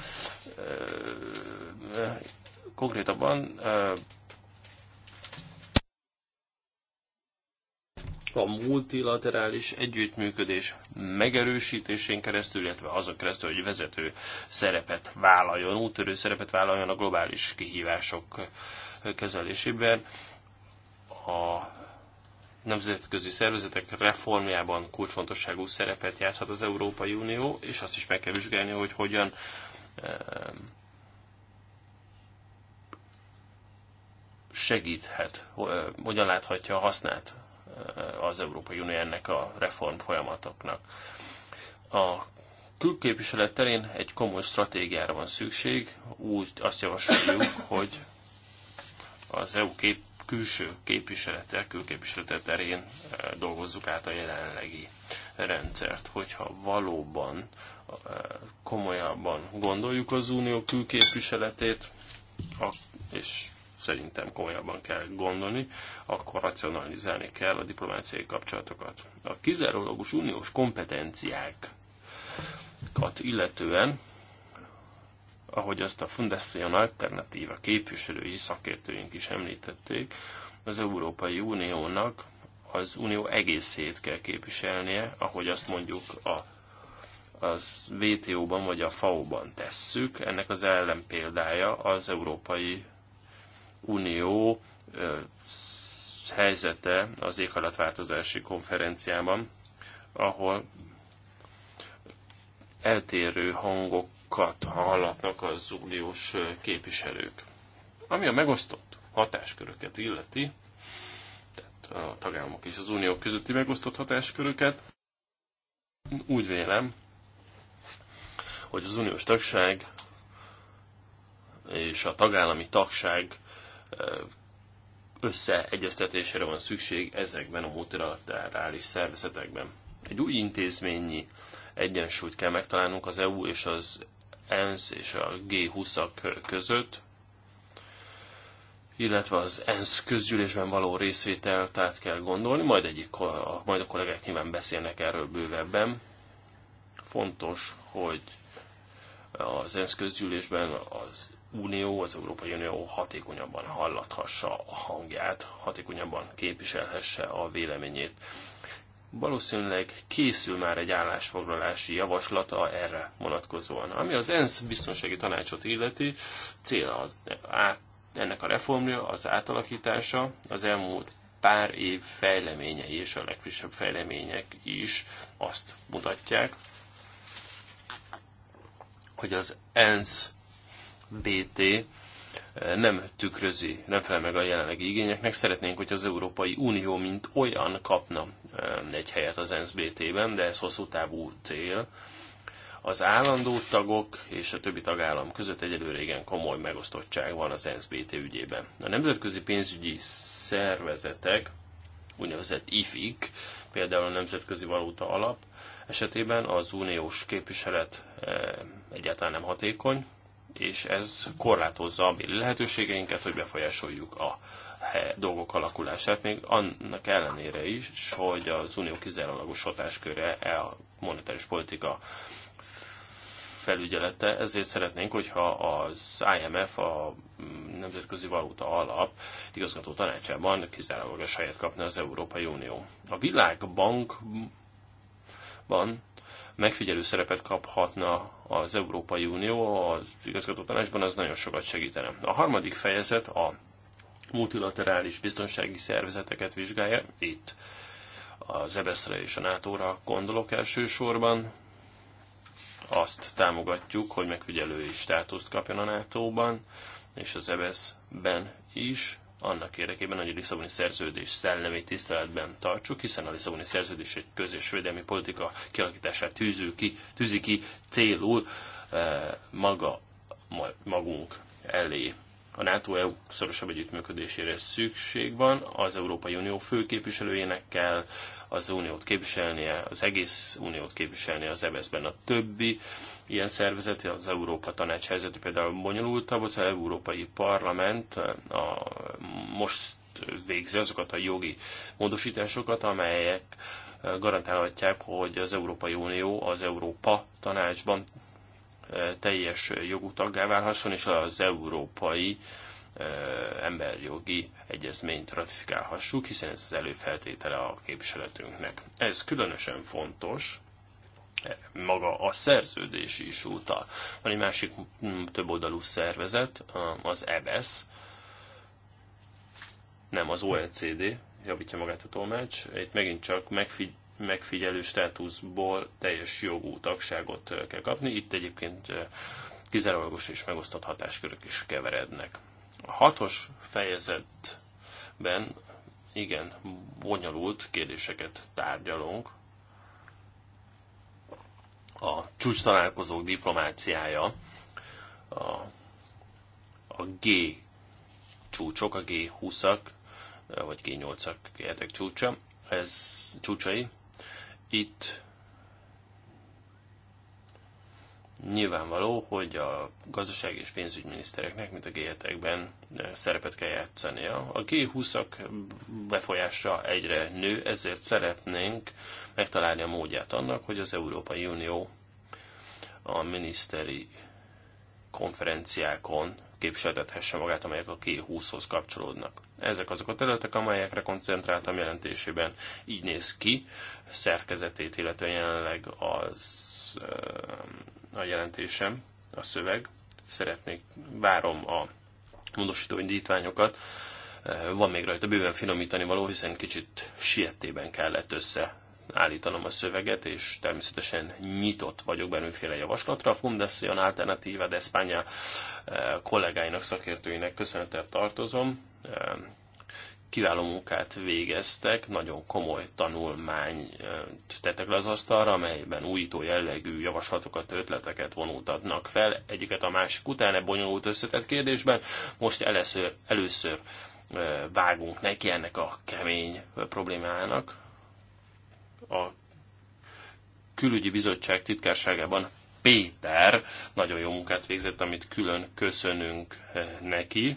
konkrétabban a multilaterális együttműködés megerősítésén keresztül, illetve azon keresztül, hogy vezető szerepet vállaljon, úttörő szerepet vállaljon a globális kihívások kezelésében. A nemzetközi szervezetek reformjában kulcsfontosságú szerepet játszhat az Európai Unió, és azt is meg kell vizsgálni, hogy hogyan ehm, segíthet, hogyan láthatja a hasznát az Európai Unió ennek a reform folyamatoknak. A külképviselet terén egy komoly stratégiára van szükség, úgy azt javasoljuk, hogy az EU kép, külső képviselete, külképviselete terén eh, dolgozzuk át a jelenlegi rendszert. Hogyha valóban eh, komolyabban gondoljuk az unió külképviseletét, és szerintem komolyabban kell gondolni, akkor racionalizálni kell a diplomáciai kapcsolatokat. A kizárólagos uniós kompetenciákat illetően, ahogy azt a Fundación Alternatíva képviselői szakértőink is említették, az Európai Uniónak az unió egészét kell képviselnie, ahogy azt mondjuk a az WTO-ban vagy a FAO-ban tesszük. Ennek az ellenpéldája az Európai Unió helyzete az éghajlatváltozási konferenciában, ahol eltérő hangokat hallatnak az uniós képviselők. Ami a megosztott hatásköröket illeti, tehát a tagállamok és az unió közötti megosztott hatásköröket, úgy vélem, hogy az uniós tagság és a tagállami tagság összeegyeztetésre van szükség ezekben a multilaterális szervezetekben. Egy új intézményi egyensúlyt kell megtalálnunk az EU és az ENSZ és a G20-ak között, illetve az ENSZ közgyűlésben való részvételt át kell gondolni, majd, egyik, majd a kollégák nyilván beszélnek erről bővebben. Fontos, hogy az ENSZ közgyűlésben az Unió, az Európai Unió hatékonyabban hallathassa a hangját, hatékonyabban képviselhesse a véleményét. Valószínűleg készül már egy állásfoglalási javaslata erre vonatkozóan. Ami az ENSZ biztonsági tanácsot illeti, cél az át, ennek a reformja, az átalakítása, az elmúlt pár év fejleményei és a legfrissebb fejlemények is azt mutatják, hogy az ENSZ BT eh, nem tükrözi, nem felel meg a jelenlegi igényeknek. Szeretnénk, hogy az Európai Unió mint olyan kapna eh, egy helyet az ENSZ BT-ben, de ez hosszú távú cél. Az állandó tagok és a többi tagállam között egyelőre igen komoly megosztottság van az ENSZ BT ügyében. A nemzetközi pénzügyi szervezetek, úgynevezett IFIG, például a Nemzetközi Valuta Alap esetében az uniós képviselet eh, egyáltalán nem hatékony, és ez korlátozza a mi lehetőségeinket, hogy befolyásoljuk a dolgok alakulását, még annak ellenére is, hogy az unió kizárólagos hatásköre e a monetáris politika felügyelete, ezért szeretnénk, hogyha az IMF, a Nemzetközi Valuta Alap igazgató tanácsában kizárólag a saját kapna az Európai Unió. A Világbankban megfigyelő szerepet kaphatna az Európai Unió az igazgató tanácsban, az nagyon sokat segítene. A harmadik fejezet a multilaterális biztonsági szervezeteket vizsgálja, itt az EBSZ-re és a NATO-ra gondolok elsősorban. Azt támogatjuk, hogy megfigyelői státuszt kapjon a NATO-ban, és az EBSZ-ben is annak érdekében, hogy a Lisszaboni szerződés szellemét tiszteletben tartsuk, hiszen a Lisszaboni szerződés egy közös védelmi politika kialakítását tűzi ki, tűzi ki célul e, maga magunk elé. A NATO-EU szorosabb együttműködésére szükség van, az Európai Unió főképviselőjének kell az uniót képviselnie, az egész uniót képviselnie az EBS-ben. A többi ilyen szervezet, az Európa Tanács helyzete például bonyolultabb, az Európai Parlament a, most végzi azokat a jogi módosításokat, amelyek garantálhatják, hogy az Európai Unió az Európa Tanácsban teljes jogú taggá válhasson, és az európai emberjogi egyezményt ratifikálhassuk, hiszen ez az előfeltétele a képviseletünknek. Ez különösen fontos, e, maga a szerződés is utal. Van egy másik oldalú szervezet, az EBS, e nem az OECD, javítja magát a tolmács, itt megint csak megfigy- megfigyelő státuszból teljes jogú tagságot kell kapni, itt egyébként kizárólagos és megosztott hatáskörök is keverednek. A hatos fejezetben igen, bonyolult kérdéseket tárgyalunk. A csúcs találkozók diplomáciája, a, a G csúcsok, a G20-ak, vagy G8-ak csúcsa, ez csúcsai. Itt Nyilvánvaló, hogy a gazdaság és pénzügyminisztereknek, mint a G7-ekben eh, szerepet kell játszania. A G20-ak befolyása egyre nő, ezért szeretnénk megtalálni a módját annak, hogy az Európai Unió a miniszteri konferenciákon képviseltethesse magát, amelyek a G20-hoz kapcsolódnak. Ezek azok a területek, amelyekre koncentráltam jelentésében. Így néz ki szerkezetét, illetve jelenleg az a jelentésem, a szöveg. Szeretnék, várom a módosító indítványokat. Van még rajta bőven finomítani való, hiszen kicsit sietében kellett összeállítanom a szöveget, és természetesen nyitott vagyok bármiféle javaslatra. A Fundación Alternativa de España kollégáinak, szakértőinek köszönetet tartozom kiváló munkát végeztek, nagyon komoly tanulmányt tettek le az asztalra, amelyben újító jellegű javaslatokat, ötleteket vonultatnak fel, egyiket a másik után, e bonyolult összetett kérdésben. Most először, először vágunk neki ennek a kemény problémának. A külügyi bizottság titkárságában Péter nagyon jó munkát végzett, amit külön köszönünk neki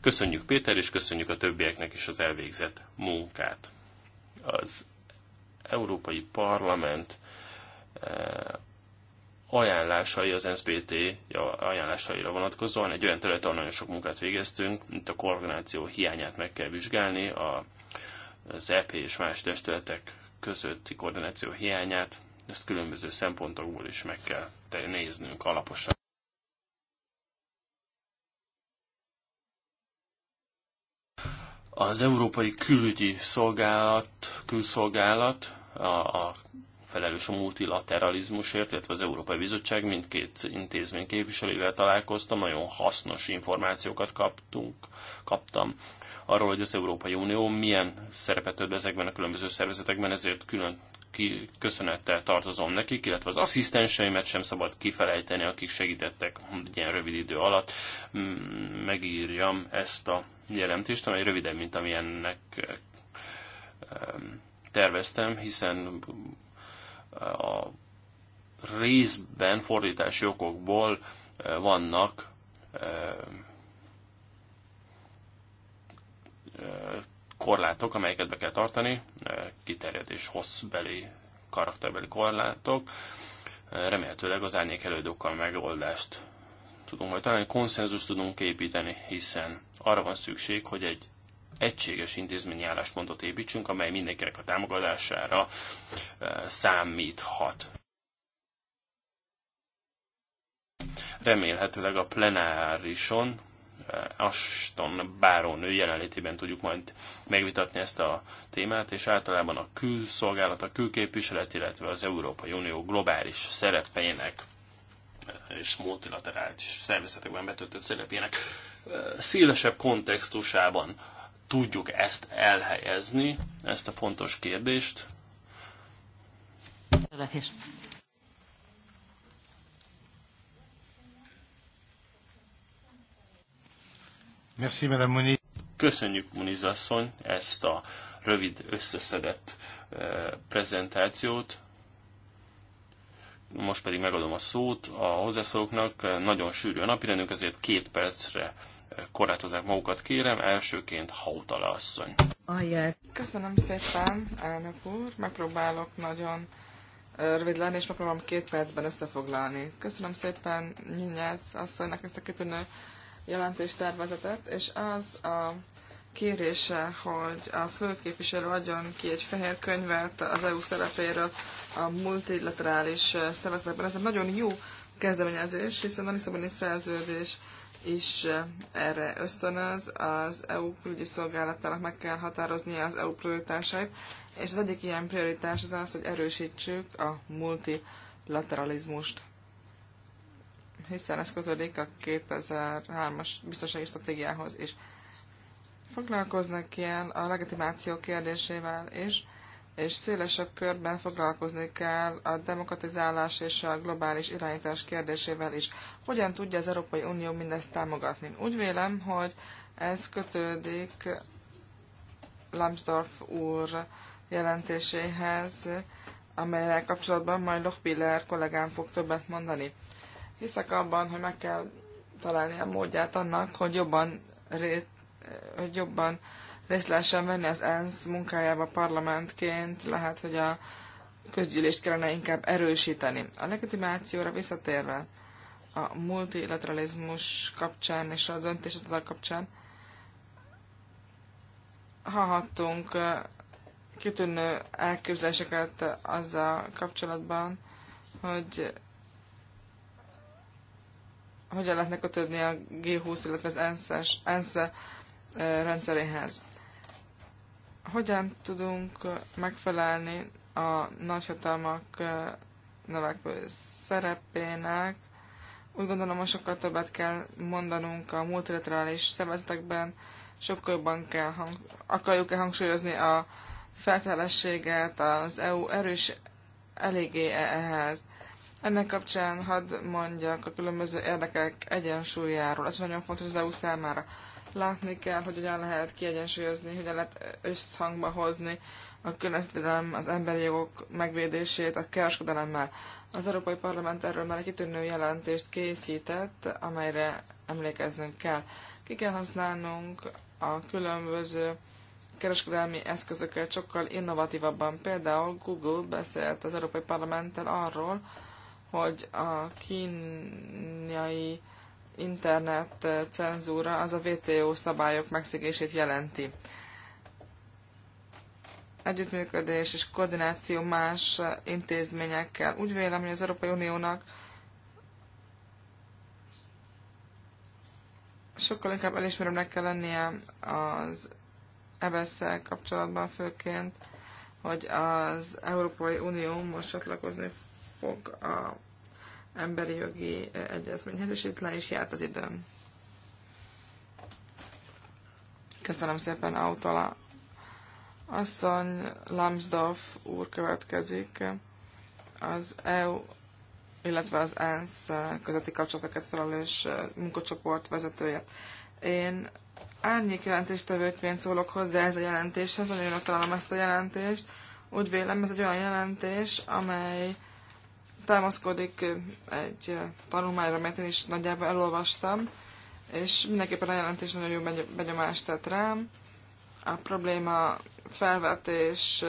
Köszönjük Péter, és köszönjük a többieknek is az elvégzett munkát. Az Európai Parlament eh, ajánlásai, az NSZPT ajánlásaira vonatkozóan egy olyan területen, ahol nagyon sok munkát végeztünk, mint a koordináció hiányát meg kell vizsgálni, a, az EP és más testületek közötti koordináció hiányát, ezt különböző szempontokból is meg kell néznünk alaposan. Az Európai Külügyi Szolgálat, Külszolgálat, a, a felelős a multilateralizmusért, illetve az Európai Bizottság mindkét intézmény képviselővel találkoztam, nagyon hasznos információkat kaptunk, kaptam arról, hogy az Európai Unió milyen szerepet tölt ezekben a különböző szervezetekben, ezért külön ki, köszönettel tartozom nekik, illetve az asszisztenseimet sem szabad kifelejteni, akik segítettek egy ilyen rövid idő alatt mm, megírjam ezt a jelentést, amely rövidebb, mint amilyennek terveztem, hiszen a részben fordítási okokból e, vannak e, korlátok, amelyeket be kell tartani, eh, kiterjedés hosszbeli, karakterbeli korlátok. Eh, remélhetőleg az árnyék elődökkel megoldást tudunk majd találni, konszenzus tudunk építeni, hiszen arra van szükség, hogy egy egységes intézményi álláspontot építsünk, amely mindenkinek a támogatására eh, számíthat. Remélhetőleg a plenárison Aston Báron ő jelenlétében tudjuk majd megvitatni ezt a témát, és általában a külszolgálat, a külképviselet, illetve az Európai Unió globális szerepeinek és multilaterális szervezetekben betöltött szerepének szélesebb kontextusában tudjuk ezt elhelyezni, ezt a fontos kérdést. Merci, Madame Köszönjük, Muniz asszony, ezt a rövid összeszedett eh, prezentációt. Most pedig megadom a szót a hozzászólóknak. Nagyon sűrű a napirendünk, ezért két percre eh, korlátozák magukat, kérem. Elsőként Hautala asszony. Köszönöm szépen, elnök úr. Megpróbálok nagyon eh, rövid lenni, és megpróbálom két percben összefoglalni. Köszönöm szépen Nyúnyász asszonynak ezt a kitűnő jelentéstervezetet, és az a kérése, hogy a főképviselő adjon ki egy fehér könyvet az EU szerepéről a multilaterális szervezetekben. Ez egy nagyon jó kezdeményezés, hiszen a Lisszaboni szerződés is erre ösztönöz. Az EU külügyi szolgálatának meg kell határoznia az EU prioritásait, és az egyik ilyen prioritás az az, hogy erősítsük a multilateralizmust hiszen ez kötődik a 2003-as biztonsági stratégiához is. Foglalkoznak ilyen a legitimáció kérdésével is, és szélesebb körben foglalkozni kell a demokratizálás és a globális irányítás kérdésével is. Hogyan tudja az Európai Unió mindezt támogatni? Úgy vélem, hogy ez kötődik Lambsdorff úr jelentéséhez, amelyre kapcsolatban majd Lochbiller kollégám fog többet mondani. Hiszek abban, hogy meg kell találni a módját annak, hogy jobban, ré, hogy jobban részt lehessen venni az ENSZ munkájába parlamentként, lehet, hogy a közgyűlést kellene inkább erősíteni. A legitimációra visszatérve a multilateralizmus kapcsán és a döntéshozatal kapcsán hallhattunk kitűnő elképzeléseket azzal kapcsolatban, hogy hogyan lehetne kötődni a G20, illetve az ENSZE eh, rendszeréhez. Hogyan tudunk megfelelni a nagyhatalmak eh, növekvő szerepének? Úgy gondolom, hogy sokkal többet kell mondanunk a multilaterális szervezetekben, sokkal jobban kell hang- akarjuk-e hangsúlyozni a feltelességet, az EU erős eléggé ehhez. Ennek kapcsán hadd mondjak a különböző érdekek egyensúlyáról. Ez nagyon fontos az EU számára. Látni kell, hogy hogyan lehet kiegyensúlyozni, hogyan lehet összhangba hozni a környezetvédelem, az emberi jogok megvédését a kereskedelemmel. Az Európai Parlament erről már egy kitűnő jelentést készített, amelyre emlékeznünk kell. Ki kell használnunk a különböző kereskedelmi eszközöket sokkal innovatívabban. Például Google beszélt az Európai Parlamenttel arról, hogy a kínai internet cenzúra az a WTO szabályok megszegését jelenti. Együttműködés és koordináció más intézményekkel. Úgy vélem, hogy az Európai Uniónak sokkal inkább elismerőnek kell lennie az ebesszel kapcsolatban főként, hogy az Európai Unió most csatlakozni fog a emberi jogi eh, egyezményhez, és itt le is járt az időm. Köszönöm szépen, Autola. Asszony Lambsdorff úr következik. Az EU, illetve az ENSZ eh, közötti kapcsolatokat felelős eh, munkacsoport vezetője. Én árnyék jelentéstevőként szólok hozzá ez a jelentéshez, nagyon jól találom ezt a jelentést. Úgy vélem, ez egy olyan jelentés, amely támaszkodik egy tanulmányra, mert én is nagyjából elolvastam, és mindenképpen a jelentés nagyon jó benyomást tett rám. A probléma felvetés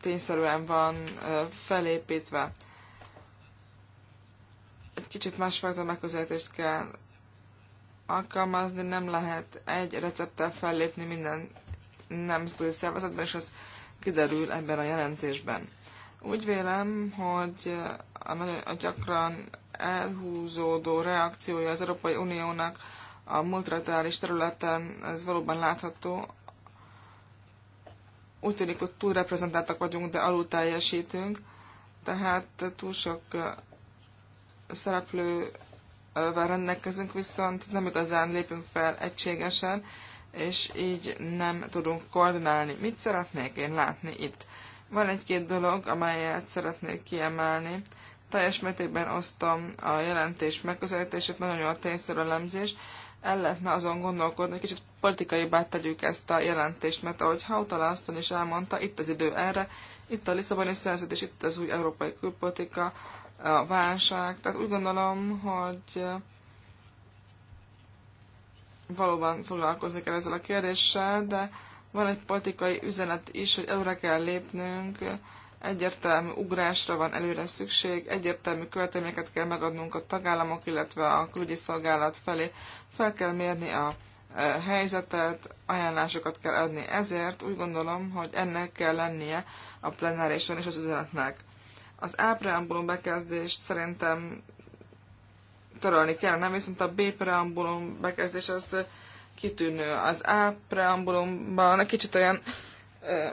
tényszerűen van felépítve. Egy kicsit másfajta megközelítést kell alkalmazni, nem lehet egy recepttel fellépni minden nemzeti szervezetben, és ez kiderül ebben a jelentésben. Úgy vélem, hogy a nagyon gyakran elhúzódó reakciója az Európai Uniónak a multilaterális területen, ez valóban látható. Úgy tűnik, hogy túl reprezentáltak vagyunk, de alul teljesítünk, tehát túl sok szereplővel rendelkezünk, viszont nem igazán lépünk fel egységesen, és így nem tudunk koordinálni. Mit szeretnék én látni itt? Van egy-két dolog, amelyet szeretnék kiemelni. Teljes mértékben osztom a jelentés megközelítését, nagyon jó a tényszerű elemzés. El lehetne azon gondolkodni, hogy kicsit politikaibbá tegyük ezt a jelentést, mert ahogy Hautala asszony is elmondta, itt az idő erre, itt a Lisszaboni szerződés, itt az új európai külpolitika, a válság. Tehát úgy gondolom, hogy valóban foglalkozni kell ezzel a kérdéssel, de van egy politikai üzenet is, hogy előre kell lépnünk, egyértelmű ugrásra van előre szükség, egyértelmű költeményeket kell megadnunk a tagállamok, illetve a külügyi szolgálat felé. Fel kell mérni a e, helyzetet, ajánlásokat kell adni. Ezért úgy gondolom, hogy ennek kell lennie a plenárison és az üzenetnek. Az A preambulum bekezdést szerintem törölni kell, nem viszont a B preambulum bekezdés az kitűnő. Az A preambulumban egy kicsit olyan ö,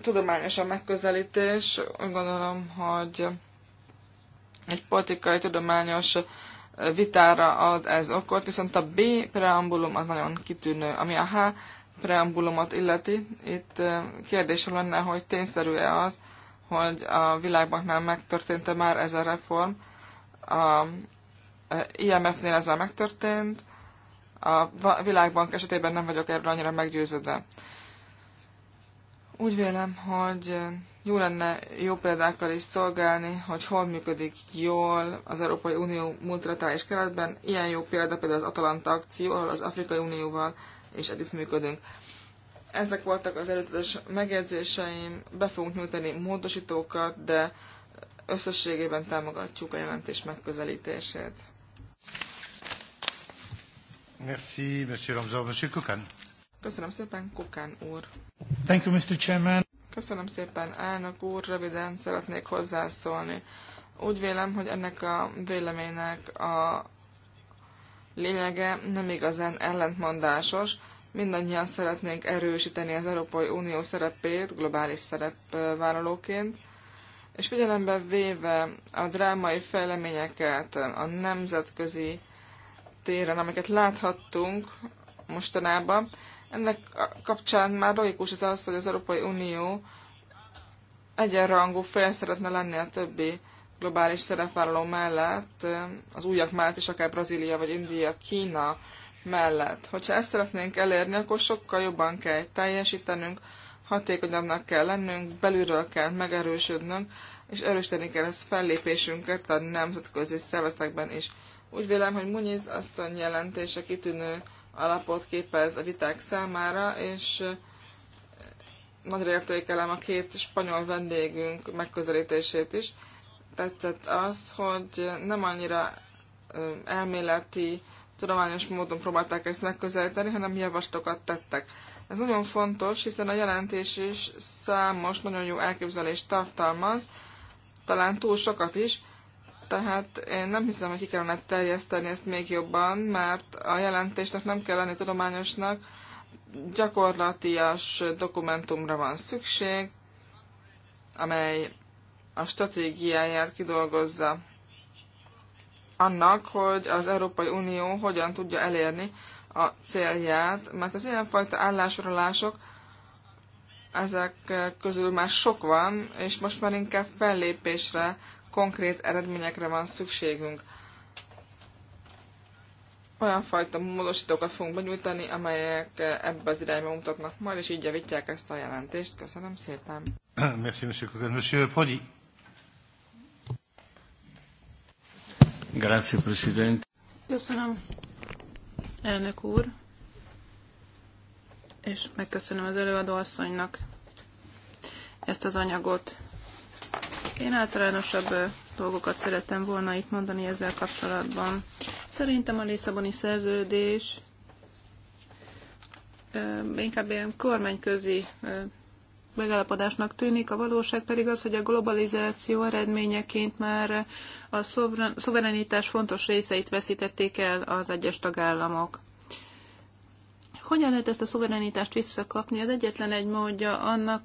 tudományos a megközelítés. Gondolom, hogy egy politikai, tudományos vitára ad ez okot, viszont a B preambulum az nagyon kitűnő, ami a H preambulumot illeti. Itt kérdés lenne, hogy tényszerű-e az, hogy a világbanknál megtörtént-e már ez a reform. A IMF-nél ez már megtörtént, a világbank esetében nem vagyok erről annyira meggyőződve. Úgy vélem, hogy jó lenne jó példákkal is szolgálni, hogy hol működik jól az Európai Unió multilaterális keretben. Ilyen jó példa például az Atalanta akció, ahol az Afrikai Unióval is működünk. Ezek voltak az előzetes megjegyzéseim, be fogunk nyújtani módosítókat, de összességében támogatjuk a jelentés megközelítését. Merci, Monsieur Monsieur Kukan. Köszönöm szépen, Kukán úr. Thank you, Mr. Chairman. Köszönöm szépen, elnök úr. Röviden szeretnék hozzászólni. Úgy vélem, hogy ennek a véleménynek a lényege nem igazán ellentmondásos. Mindannyian szeretnénk erősíteni az Európai Unió szerepét globális szerepvállalóként, és figyelembe véve a drámai fejleményeket, a nemzetközi téren, amiket láthattunk mostanában, ennek kapcsán már logikus az az, hogy az Európai Unió egyenrangú fél szeretne lenni a többi globális szerepvállaló mellett, az újak mellett is, akár Brazília vagy India, Kína mellett. Hogyha ezt szeretnénk elérni, akkor sokkal jobban kell teljesítenünk, hatékonyabbnak kell lennünk, belülről kell megerősödnünk, és erősíteni kell ezt fellépésünket a nemzetközi szervezetekben is. Úgy vélem, hogy Muniz asszony jelentése kitűnő alapot képez a viták számára, és nagyra értékelem a két spanyol vendégünk megközelítését is. Tetszett az, hogy nem annyira elméleti, tudományos módon próbálták ezt megközelíteni, hanem javaslatokat tettek. Ez nagyon fontos, hiszen a jelentés is számos, nagyon jó elképzelést tartalmaz, talán túl sokat is, tehát én nem hiszem, hogy ki kellene terjeszteni ezt még jobban, mert a jelentésnek nem kell lenni tudományosnak, gyakorlatias dokumentumra van szükség, amely a stratégiáját kidolgozza annak, hogy az Európai Unió hogyan tudja elérni a célját, mert az ilyenfajta állásorolások ezek közül már sok van, és most már inkább fellépésre konkrét eredményekre van szükségünk. Olyan fajta módosítókat fogunk benyújtani, amelyek ebbe az irányba mutatnak majd, és így javítják ezt a jelentést. Köszönöm szépen. Merci, monsieur Coquin. Monsieur Podi. Grazie, Presidente. Köszönöm, elnök úr, és megköszönöm az előadó asszonynak ezt az anyagot. Én általánosabb dolgokat szerettem volna itt mondani ezzel kapcsolatban. Szerintem a Lisszaboni szerződés inkább ilyen kormányközi megállapodásnak tűnik, a valóság pedig az, hogy a globalizáció eredményeként már a szuverenitás fontos részeit veszítették el az egyes tagállamok. Hogyan lehet ezt a szuverenitást visszakapni? Az egyetlen egy módja annak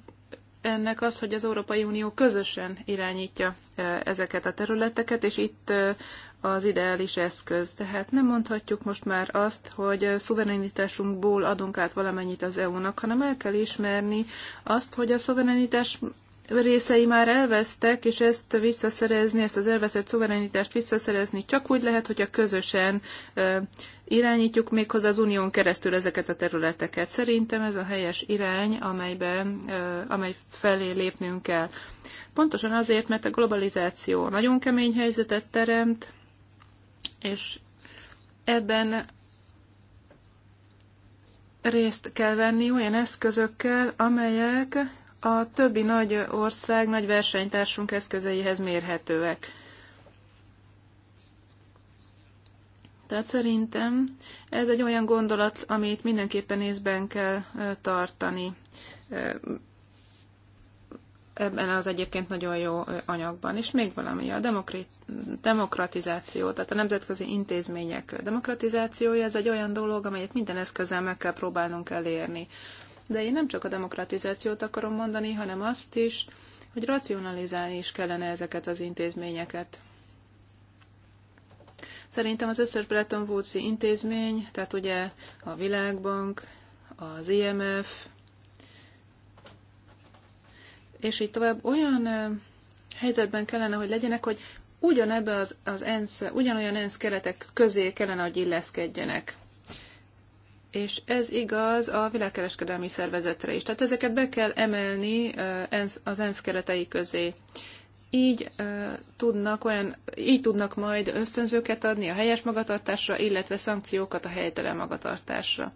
ennek az, hogy az Európai Unió közösen irányítja e, ezeket a területeket, és itt e, az ideális eszköz. Tehát nem mondhatjuk most már azt, hogy szuverenitásunkból adunk át valamennyit az EU-nak, hanem el kell ismerni azt, hogy a szuverenitás részei már elvesztek, és ezt visszaszerezni, ezt az elveszett szuverenitást visszaszerezni csak úgy lehet, hogyha közösen irányítjuk méghozzá az unión keresztül ezeket a területeket. Szerintem ez a helyes irány, amelyben, amely felé lépnünk kell. Pontosan azért, mert a globalizáció nagyon kemény helyzetet teremt, és ebben részt kell venni olyan eszközökkel, amelyek a többi nagy ország, nagy versenytársunk eszközeihez mérhetőek. Tehát szerintem ez egy olyan gondolat, amit mindenképpen észben kell tartani ebben az egyébként nagyon jó anyagban. És még valami, a demokratizáció, tehát a nemzetközi intézmények demokratizációja, ez egy olyan dolog, amelyet minden eszközzel meg kell próbálnunk elérni. De én nem csak a demokratizációt akarom mondani, hanem azt is, hogy racionalizálni is kellene ezeket az intézményeket. Szerintem az összes Bretton woods intézmény, tehát ugye a Világbank, az IMF, és így tovább olyan helyzetben kellene, hogy legyenek, hogy ugyanebbe az, az ENSZ, ugyanolyan ENSZ keretek közé kellene, hogy illeszkedjenek és ez igaz a világkereskedelmi szervezetre is. Tehát ezeket be kell emelni eh, az ENSZ keretei közé. Így, eh, tudnak olyan, így tudnak majd ösztönzőket adni a helyes magatartásra, illetve szankciókat a helytelen magatartásra.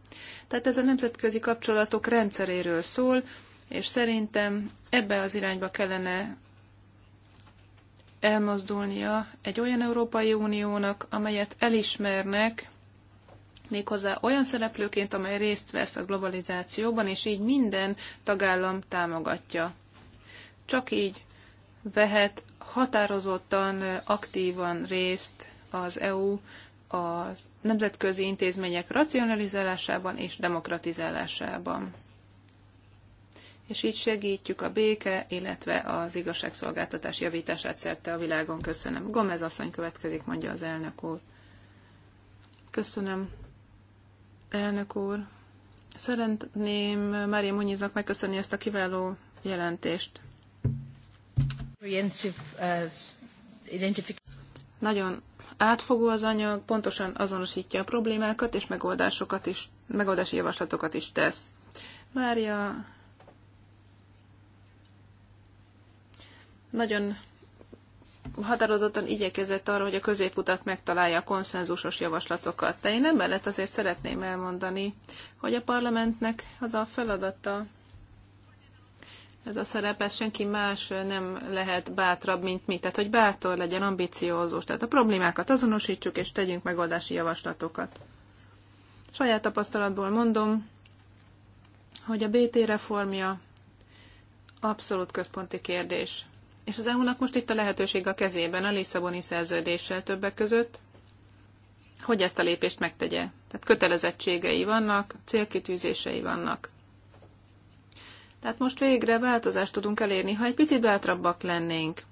Tehát ez a nemzetközi kapcsolatok rendszeréről szól, és szerintem ebbe az irányba kellene elmozdulnia egy olyan Európai Uniónak, amelyet elismernek, méghozzá olyan szereplőként, amely részt vesz a globalizációban, és így minden tagállam támogatja. Csak így vehet határozottan, aktívan részt az EU a nemzetközi intézmények racionalizálásában és demokratizálásában. És így segítjük a béke, illetve az igazságszolgáltatás javítását szerte a világon. Köszönöm. Gomez asszony következik, mondja az elnök úr. Köszönöm, Elnök úr, szeretném Mária Munyiznak megköszönni ezt a kiváló jelentést. Nagyon átfogó az anyag, pontosan azonosítja a problémákat, és megoldásokat is, megoldási javaslatokat is tesz. Mária nagyon határozottan igyekezett arra, hogy a középutat megtalálja a konszenzusos javaslatokat. De én emellett azért szeretném elmondani, hogy a parlamentnek az a feladata, ez a ez senki más nem lehet bátrabb, mint mi. Tehát, hogy bátor legyen, ambiciózus. Tehát a problémákat azonosítsuk, és tegyünk megoldási javaslatokat. Saját tapasztalatból mondom, hogy a BT reformja abszolút központi kérdés. És az EU-nak most itt a lehetőség a kezében, a Lisszaboni szerződéssel többek között, hogy ezt a lépést megtegye. Tehát kötelezettségei vannak, célkitűzései vannak. Tehát most végre változást tudunk elérni, ha egy picit bátrabbak lennénk,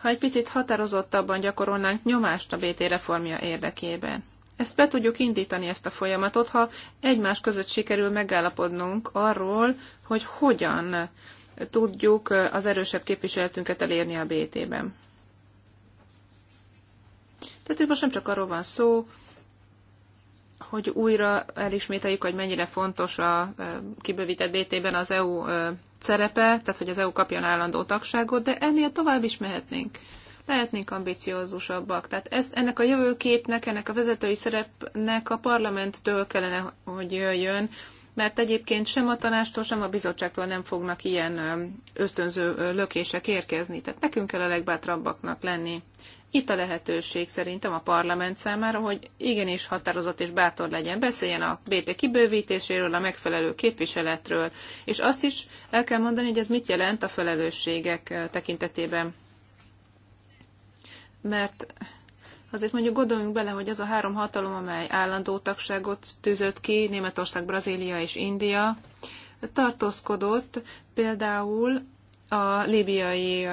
ha egy picit határozottabban gyakorolnánk nyomást a BT reformja érdekében. Ezt be tudjuk indítani, ezt a folyamatot, ha egymás között sikerül megállapodnunk arról, hogy hogyan tudjuk az erősebb képviseletünket elérni a BT-ben. Tehát itt most nem csak arról van szó, hogy újra elismételjük, hogy mennyire fontos a kibővített BT-ben az EU szerepe, tehát hogy az EU kapjon állandó tagságot, de ennél tovább is mehetnénk. Lehetnénk ambiciózusabbak. Tehát ezt, ennek a jövőképnek, ennek a vezetői szerepnek a parlamenttől kellene, hogy jöjjön, mert egyébként sem a tanástól, sem a bizottságtól nem fognak ilyen ösztönző lökések érkezni. Tehát nekünk kell a legbátrabbaknak lenni. Itt a lehetőség szerintem a parlament számára, hogy igenis határozott és bátor legyen. Beszéljen a BT kibővítéséről, a megfelelő képviseletről, és azt is el kell mondani, hogy ez mit jelent a felelősségek tekintetében. Mert azért mondjuk gondoljunk bele, hogy az a három hatalom, amely állandó tagságot tűzött ki, Németország, Brazília és India, tartózkodott például a líbiai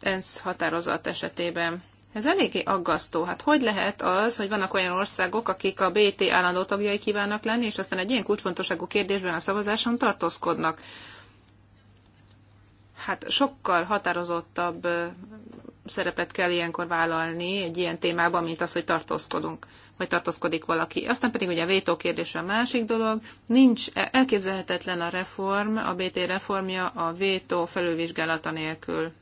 ENSZ határozat esetében. Ez eléggé aggasztó. Hát hogy lehet az, hogy vannak olyan országok, akik a BT állandó tagjai kívánnak lenni, és aztán egy ilyen kulcsfontosságú kérdésben a szavazáson tartózkodnak? Hát sokkal határozottabb szerepet kell ilyenkor vállalni egy ilyen témában, mint az, hogy tartózkodunk, vagy tartózkodik valaki. Aztán pedig ugye a vétó kérdése a másik dolog. Nincs, elképzelhetetlen a reform, a BT reformja a vétó felülvizsgálata nélkül.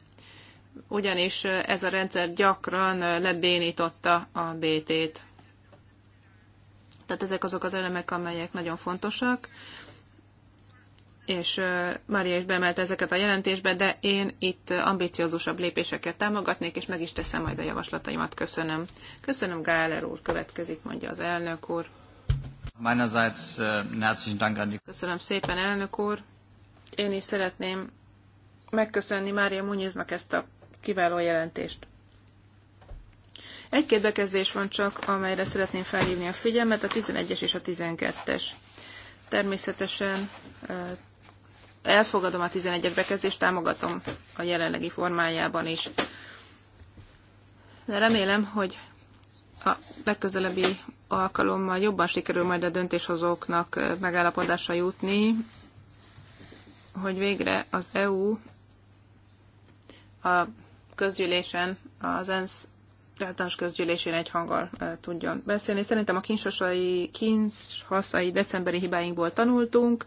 Ugyanis ez a rendszer gyakran lebénította a BT-t. Tehát ezek azok az elemek, amelyek nagyon fontosak és Mária is bemelte ezeket a jelentésbe, de én itt ambiciózusabb lépéseket támogatnék, és meg is teszem majd a javaslataimat. Köszönöm. Köszönöm, Gáler úr. Következik, mondja az elnök úr. Meinerseits Köszönöm szépen, elnök úr. Én is szeretném megköszönni Mária Munyéznak ezt a kiváló jelentést. Egy-két bekezdés van csak, amelyre szeretném felhívni a figyelmet, a 11-es és a 12-es. Természetesen elfogadom a 11-es bekezdést, támogatom a jelenlegi formájában is. De remélem, hogy a legközelebbi alkalommal jobban sikerül majd a döntéshozóknak megállapodásra jutni, hogy végre az EU a közgyűlésen, az ENSZ általános közgyűlésén egy hanggal tudjon beszélni. Szerintem a kinshasai, kinshasai decemberi hibáinkból tanultunk,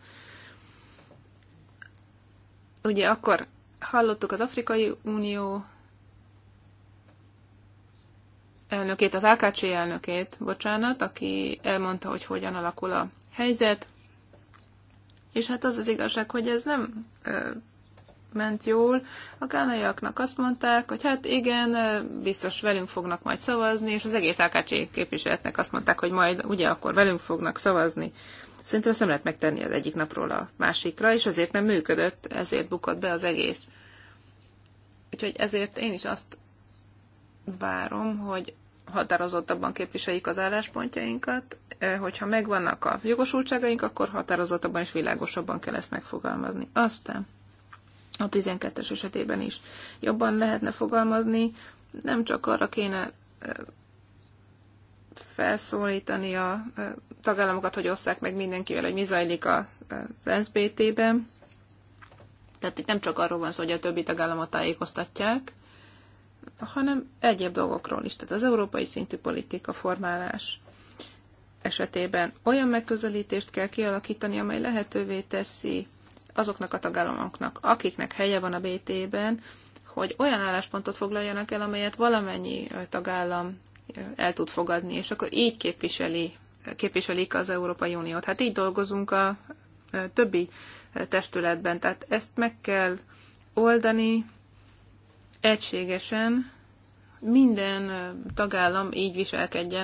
Ugye akkor hallottuk az Afrikai Unió elnökét, az AKC elnökét, bocsánat, aki elmondta, hogy hogyan alakul a helyzet, és hát az az igazság, hogy ez nem ö, ment jól. A gánaiaknak azt mondták, hogy hát igen, biztos velünk fognak majd szavazni, és az egész AKC képviseletnek azt mondták, hogy majd ugye akkor velünk fognak szavazni. Szerintem ezt nem lehet megtenni az egyik napról a másikra, és azért nem működött, ezért bukott be az egész. Úgyhogy ezért én is azt várom, hogy határozottabban képviseljük az álláspontjainkat, eh, hogyha megvannak a jogosultságaink, akkor határozottabban és világosabban kell ezt megfogalmazni. Aztán a 12-es esetében is jobban lehetne fogalmazni, nem csak arra kéne eh, felszólítani a tagállamokat, hogy osszák meg mindenkivel, hogy mi zajlik a SBT-ben. Tehát itt nem csak arról van szó, hogy a többi tagállamot tájékoztatják, hanem egyéb dolgokról is. Tehát az európai szintű politika formálás esetében olyan megközelítést kell kialakítani, amely lehetővé teszi azoknak a tagállamoknak, akiknek helye van a BT-ben, hogy olyan álláspontot foglaljanak el, amelyet valamennyi tagállam el tud fogadni, és akkor így képviseli, képviselik az Európai Uniót. Hát így dolgozunk a többi testületben, tehát ezt meg kell oldani egységesen, minden tagállam így viselkedjen